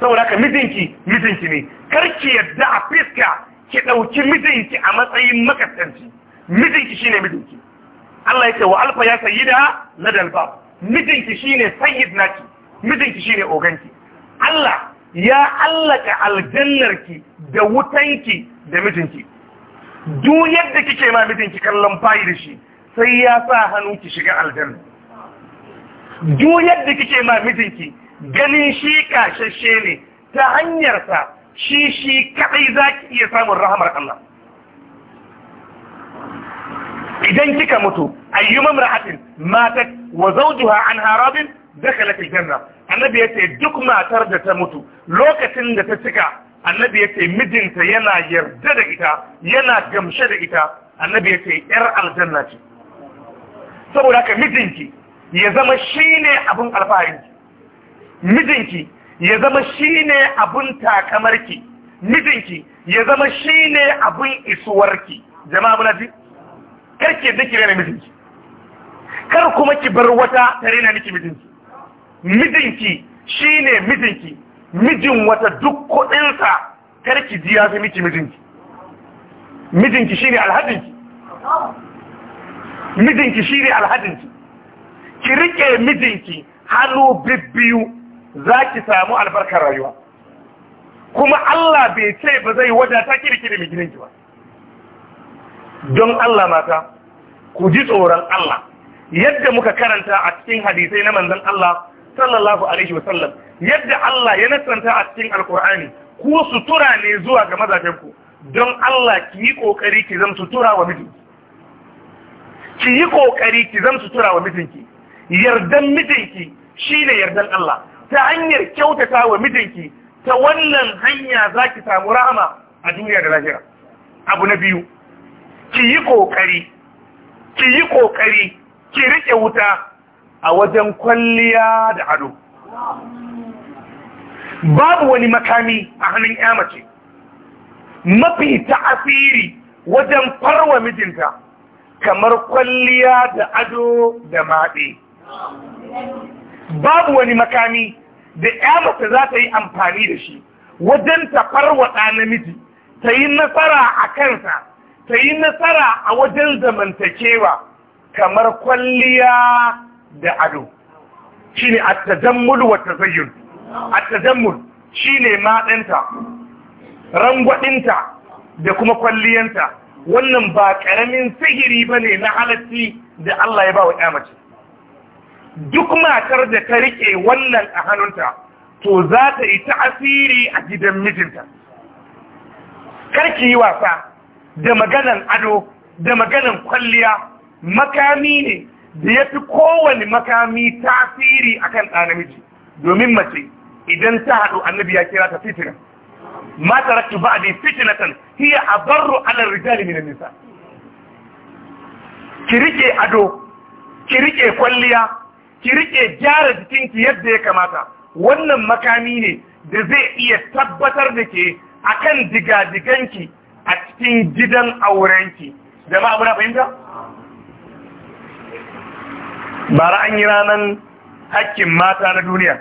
saboda ka mijinki mijinki ne karki yadda a fiska ki ɗauki mijinki a matsayin makasanci mijinki shine mijinki Allah ya ce wa alfa ya sayi da na dalba mijinki shine sayyid naki mijinki shine oganki Allah ya allaka aljannarki da wutanki da mijinki duk yadda kike ma mijinki kallon fayi da shi sai ya sa hannu ki shiga aljanna duk yadda kike ma mijinki ganin shi kashashe ne ta hanyarsa shi shi kadai zaki iya samun rahamar Allah idan kika mutu ayyuma mar'atin matat wa zawjuha an harabin dakhalat aljanna annabi yace duk matar da ta mutu lokacin da ta cika annabi yace mijinta yana yarda da ita yana gamshe da ita annabi yace yar aljanna ce saboda haka mijinki ya zama shine abun alfaharinki mijinki ya zama shine abun takamarki mijinki ya zama shine abun isuwarki jama'a muna kar ki yadda ki rena mijinki kar kuma ki bar wata ta rena miki mijinki mijinki shine mijinki mijin wata duk kuɗinsa kar ki ji ya sai miki mijinki mijinki shine alhajinki mijinki shine alhadin ki rike mijinki hannu bibbiyu zaki samu albarkar rayuwa kuma Allah bai ce ba zai wadata ki da da mijinki ba don Allah mata ku ji tsoron Allah yadda muka karanta a cikin hadisai na manzon Allah sallallahu alaihi wasallam yadda Allah ya nasanta a cikin alkur'ani ku sutura ne zuwa ga mazajenku don Allah ki yi kokari ki zan sutura wa mijinki ki yi kokari ki zan sutura wa mijinki yardan mijinki shine yardan Allah ta hanyar kyautata wa mijinki ta wannan hanya za ki samu rahama a duniya da lahira abu na biyu ki yi kokari ki yi kokari ki rike wuta a wajen kwalliya da ado babu wani makami a hannun ya mace mafi ta'asiri wajen farwa mijinta kamar kwalliya da ado da maɗe babu wani makami da ya mace za ta yi amfani da shi wajen ta farwa ɗa namiji ta yi nasara a kansa ta yi nasara a wajen zamantakewa kamar kwalliya da ado shi ne a tajammul wa tazayyun a tajammul shi ne maɗinta rangwaɗinta da kuma kwalliyanta wannan ba ƙaramin sihiri ba ne na halatti da Allah ya ba wa ƙyamace duk matar da ta riƙe wannan a hannunta to za ta yi ta asiri a gidan mijinta karki yi wasa da maganan ado da maganan kwalliya makami ne da ya fi kowane makami tasiri akan kan namiji domin mace idan ta haɗu annabi ya kira ta fitina ma a ba'di fitnatan hiya barro alar rijali minan nisa ki rike ado ki rike kwalliya ki rike gyara jikinki yadda ya kamata wannan makami ne da zai iya tabbatar da ke akan diga-digan digadiganki a cikin gidan aurenki jama'a muna fahimta bara an yi ranar hakkin mata na duniya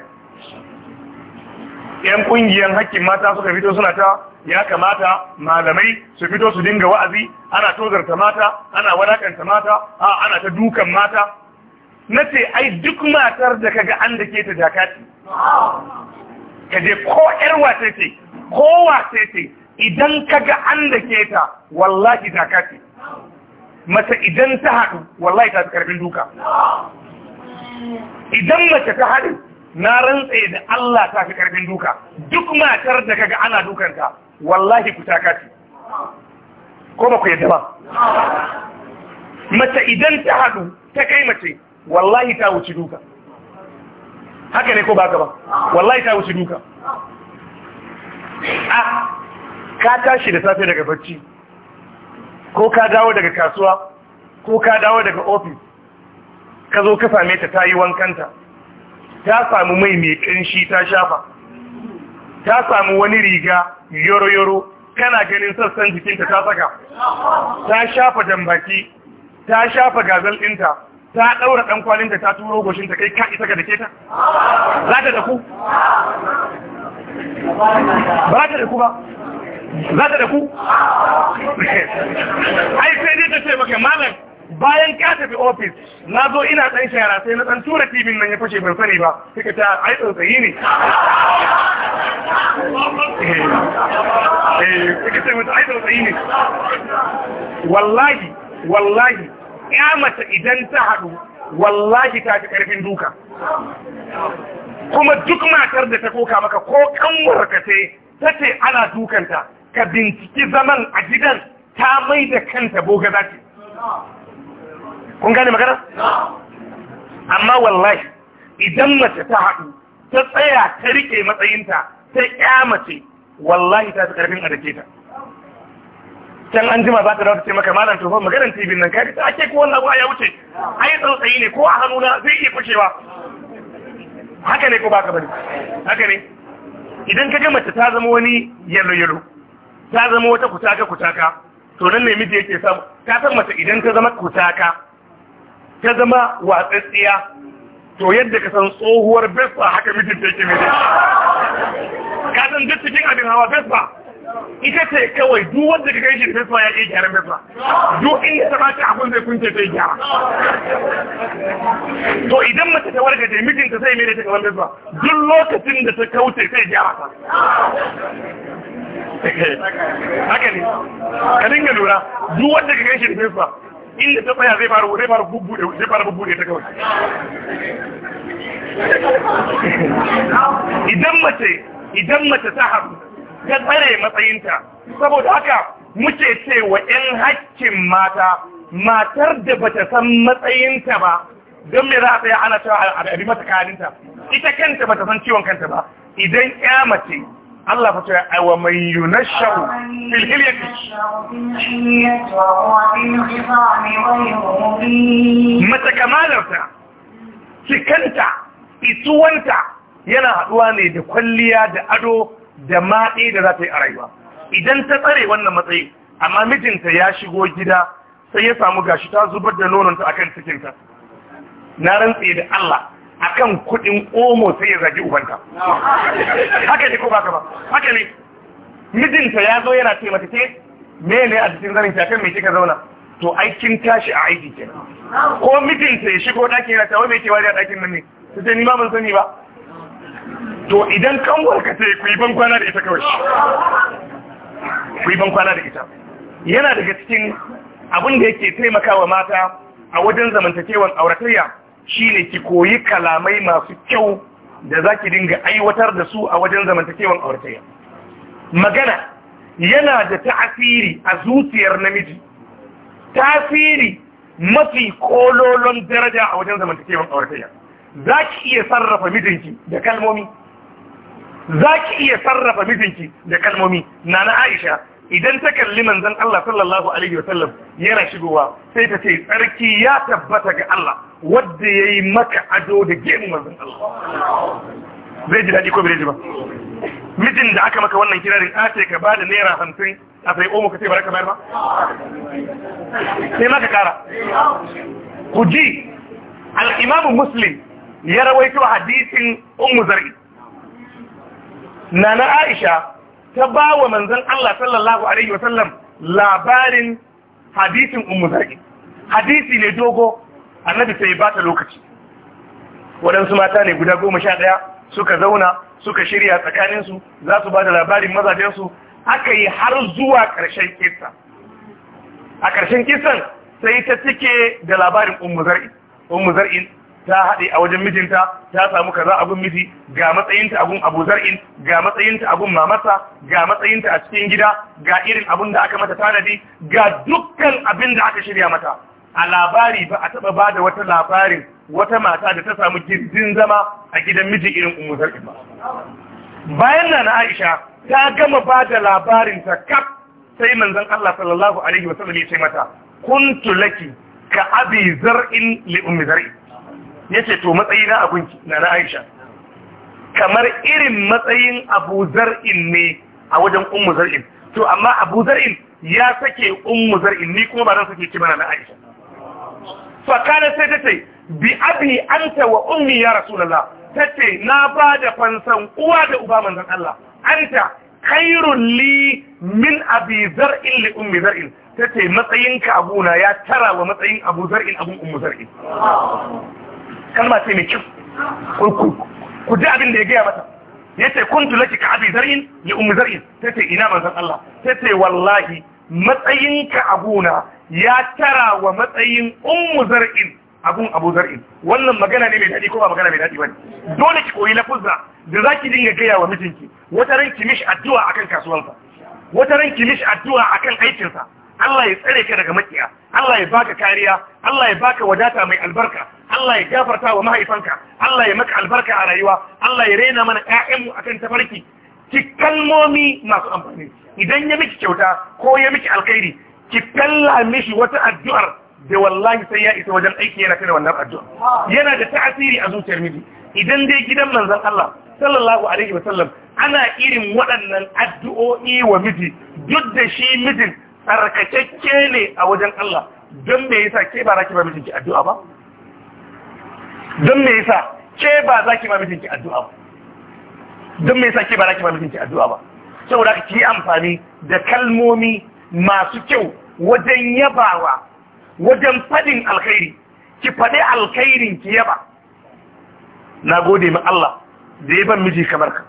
yan ƙungiyar hakkin mata suka fito suna ta ya kamata malamai su fito su dinga wa'azi ana tozarta mata ana wadakanta mata ana ta dukan mata na ce ai duk matar da kaga an da ke ta jakati ka je ko ƴar wace ce ko wata ce idan ka ga an da ke ta wallahi ta kace mace idan ta haɗu wallahi ta fi karfin duka idan mace ta haɗu na rantse da Allah ta fi karfin duka duk matar da kaga ana dukanta wallahi ku ta kace ko ba ku yadda ba mace idan ta haɗu ta kai mace wallahi ta wuce duka haka ne ko ba ka ba wallahi ta wuce duka a ka tashi da safe daga bacci ko ka dawo daga kasuwa ko ka dawo daga ofis ka zo ka same ta ta yi wankanta ta samu mai mai ƙanshi ta shafa ta samu wani riga yoro-yoro kana ganin sassan jikinta ta saka ta shafa jambaki ta shafa gazal ɗinta ta ɗaura ɗan kwalinta ta turo goshinta kai ka isa ga dake ta za ta daku ba ta daku ba za ta dafu ai sai dai ta ce maka malam bayan ka tafi ofis na zo ina ɗan shara sai na ɗan tura tibin nan ya fashe ban sani ba suka ta ai ne eh, eh, ne wallahi wallahi ya mata idan ta haɗu wallahi ta fi ƙarfin duka kuma duk matar da ta koka maka ko kan ce ta ce ana dukanta ka binciki zaman a gidan ta mai da kanta boga za ce kun gane magana? amma wallahi idan mace ta haɗu ta tsaya ta rike matsayinta ta ƙyamace, wallahi ta fi ƙarfin adake ta can an jima za ta dawo ta ce maka malam tofan maganar TV nan kari ta ake kowanne abu a ya wuce ai tsautsayi ne ko a hannuna zai iya kushewa. haka ne ko ka bari haka ne idan ka ga mace ta zama wani yalo yalo ta zama wata kutaka kutaka to nan ne miji yake samu ta san mace idan ta zama kutaka ta zama watsatsiya to yadda ka san tsohuwar bespa haka miji yake yake miji ka san duk cikin abin hawa bespa ita ce kawai duk wanda ka gaishe da bespa ya iya gyaran bespa duk inda ta bata abun zai kunce ta yi gyara to idan mace ta wargaje mijinta sai mai da ta kaman bespa duk lokacin da ta kauce sai gyara ta haka ne ka dinga lura duk wanda ka gaishe da fefa inda ta tsaya zai fara zai fara bubbude zai fara bubbude ta kawai idan mace idan mace ta ta tsare matsayinta saboda haka muke cewa 'yan hakkin mata matar da bata san matsayinta ba don me za a tsaya ana cewa a bi mata kayaninta ita kanta bata san ciwon kanta ba idan ya mace Allah fata ya aiwa mai yunashau fil hilyati mata kamalarta cikanta isuwanta yana haɗuwa ne da kwalliya da ado da maɗe da za ta yi a rayuwa idan ta tsare wannan matsayi amma mijinta ya shigo gida sai ya samu gashi ta zubar da nononta akan cikinta na rantse da Allah akan kudin omo sai ya zaji ubanta haka ne ko ba ka ba haka ne mijinta ya zo yana taimaka ke ne a cikin zarin kafin mai kika zauna to ai kin tashi a aiki kenan ko mijinta ya shigo dakin yana tawo mai wari a dakin nan ne su ce ni ma ban sani ba to idan kan warka sai ku yi ban kwana da ita kawai ku yi ban kwana da ita yana daga cikin abin da yake taimakawa mata a wajen zamantakewar auratayya Shi ne ki koyi kalamai masu kyau da za ki dinga aiwatar da su a wajen zamantakewan auratayya magana yana da ta'asiri a zuciyar namiji tasiri mafi kololon daraja a wajen zamantakewan auratayya za ki iya sarrafa mijinki da kalmomi za ki iya sarrafa mijinki da kalmomi na na aisha idan ta kalli manzon Allah sallallahu alaihi wasallam yana shigowa sai ta ce tsarki ya tabbata ga Allah Wadda ya yi maka ado da gemu manzan Allah zai ji daɗi ko bai ji ba mijin da aka maka wannan kirarin a ce ka ba da naira hamsin a sai omo ka ce ka bayar ba sai maka kara ku ji al'imamu muslim ya rawaito hadisin ummu zar'i Nana aisha ta ba wa manzan Allah sallallahu alaihi wasallam labarin hadisin ummu hadisi ne dogo annabi sai ba ta lokaci waɗansu mata ne guda goma sha ɗaya suka zauna suka shirya tsakaninsu za su ba da labarin mazajensu aka yi har zuwa ƙarshen kisa a ƙarshen kisan sai ta cike da labarin ummu ta haɗe a wajen mijinta ta samu kaza abun miji ga matsayinta abun Abu Zar'in ga matsayinta abun mamasa, ga matsayinta a cikin gida ga irin abun da aka mata tanadi ga dukkan abin da aka shirya mata a labari ba a taɓa ba da wata labarin wata mata da ta samu jirgin zama a gidan miji irin Ummu Zar'in ba bayan nan Aisha ta gama ba da labarin kaf sai manzon Allah sallallahu alaihi wasallam ya ce mata kuntu laki ka abi zar'in li ummi zar'in Ya ce to matsayi na abun na Aisha kamar irin matsayin Abu Zar'in ne a wajen Ummu Zar'in to amma Abu Zar'in ya sake Ummu Zar'in ni kuma ba zan sake ki na Aisha fa kana sai tace bi abi anta wa ummi ya rasulullah tace na ba da fansan uwa da uba manzon Allah anta khairun li min abi zar'in li ummi zar'in tace matsayinka abuna ya tara wa matsayin abu zar'in abun ummu zar'in kalma ce mai kyau ku ji abin da ya gaya mata ya ce kuntu laki ki abi zar'in ya umu zar'in ta ce ina manzan Allah ta ce wallahi matsayinka abuna ya tara wa matsayin ummu zar'in abun abu zar'in wannan magana ne mai daɗi ko ba magana mai daɗi ba dole ki koyi lafuzza da za ki dinga gaya wa mijinki wata ran ki mishi addu'a akan kasuwansa wata ran ki mishi addu'a akan aikinsa Allah ya tsare ka daga makiya Allah ya baka kariya Allah ya baka wadata mai albarka Allah ya gafarta wa mahaifanka Allah ya maka albarka a rayuwa Allah ya rena mana ƴaƴanmu akan tafarki ki kalmomi masu amfani idan ya miki kyauta ko ya miki alkhairi ki kalla mishi wata addu'ar da wallahi sai ya isa wajen aiki yana kana wannan addu'a yana da ta'asiri a zuciyar miji idan dai gidan manzon Allah sallallahu alaihi sallam ana irin waɗannan addu'o'i wa miji duk da shi mijin tsarkakakke ne a wajen Allah don me yasa ke ba za ki ba mijinki addu'a ba don me yasa ke ba za ki ba mijinki addu'a ba don me yasa ke ba za ki ba mijinki addu'a ba saboda ka yi amfani da kalmomi masu kyau wajen yabawa wajen fadin alkhairi ki faɗi alkhairin ki yaba na gode ma Allah da ya ban miji kamar ka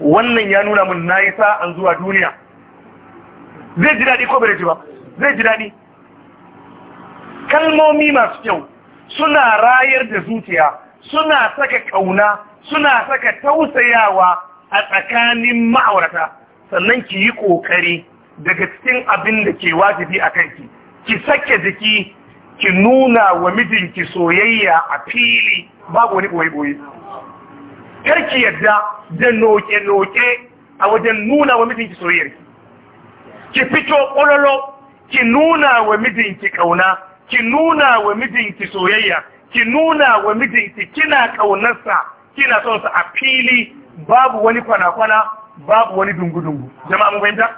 wannan ya nuna mun nayi sa'an zuwa duniya zai ji daɗi ko bai ji ba zai ji daɗi kalmomi masu kyau suna rayar da zuciya suna saka ƙauna suna saka tausayawa a tsakanin ma'aurata sannan ki yi ƙoƙari daga cikin abin da ke wajibi a kanki ki sake jiki ki nuna wa mijinki soyayya a fili babu wani ɓoye-ɓoye karki yadda da noke-noke a wajen nuna wa mijinki soyayyarki ki fito ƙololo ki nuna wa mijinki ƙauna ki nuna wa mijinki soyayya ki nuna wa mijinki kina ƙaunarsa kina son sa a fili babu wani kwana-kwana babu wani dungu-dungu jama'a mun fahimta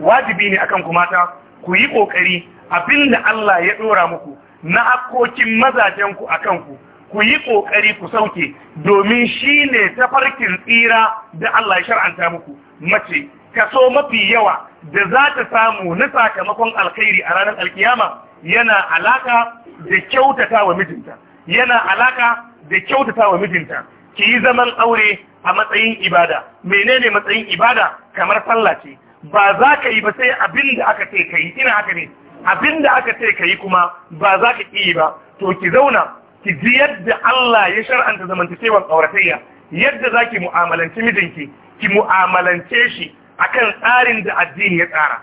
wajibi ne akan ku mata ku yi ƙoƙari abinda Allah ya ɗora muku na hakkokin mazajen ku akan ku ku yi ƙoƙari ku sauke domin shine tafarkin tsira da Allah ya shar'anta muku mace kaso mafi yawa da za ta samu na sakamakon alkhairi a ranar alkiyama yana alaka da kyautata wa mijinta yana alaka da kyautata wa mijinta ki yi zaman aure a matsayin ibada menene matsayin ibada kamar sallah ce ba za ka yi ba sai abin da aka ce ka yi ina haka ne abin da aka ce ka yi kuma ba za ka yi ba to ki zauna ki ji yadda Allah ya shar'anta zamantakewar auratayya yadda za ki mu'amalanci mijinki ki mu'amalance shi akan tsarin da addini ya tsara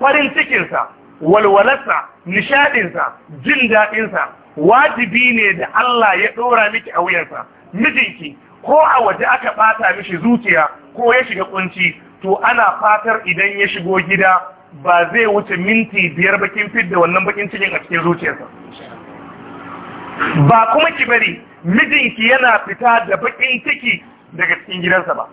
farin cikinsa walwalarsa nishadinsa jin daɗinsa wajibi ne da Allah ya ɗora miki a wuyansa mijinki ko a waje aka ɓata mishi zuciya ko ya shiga kunci to ana fatar idan ya shigo gida ba zai wuce minti biyar bakin fidda wannan bakin cikin a cikin zuciyarsa ba kuma ki bari mijinki yana fita da bakin ciki daga cikin gidansa ba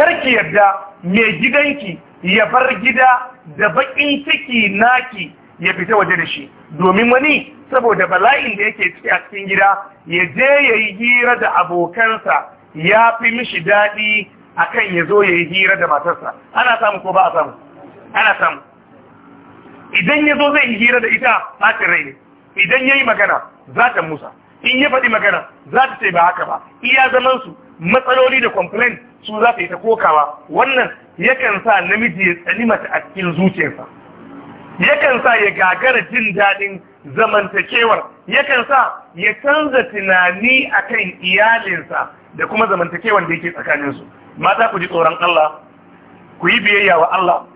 karki yadda mai gidanki ya bar gida da bakin ciki naki ya fita waje da shi domin wani saboda bala'in da yake ciki a cikin gida ya je ya yi hira da abokansa ya fi mishi daɗi a kan ya zo ya yi hira da matarsa ana samu ko ba a samu ana samu idan ya zo zai yi hira da ita ɓacin rai ne idan ya yi magana za ta musa in ya faɗi magana za ta ce ba haka ba iya zamansu matsaloli da complaint su za ta yi ta kokawa wannan yakan sa namiji ya tsani mata a cikin zuciyarsa yakan sa ya gagara jin daɗin zamantakewar yakan sa ya canza tunani akan iyalinsa da kuma zamantakewar da yake tsakaninsu mata ku ji tsoron Allah ku yi biyayya wa Allah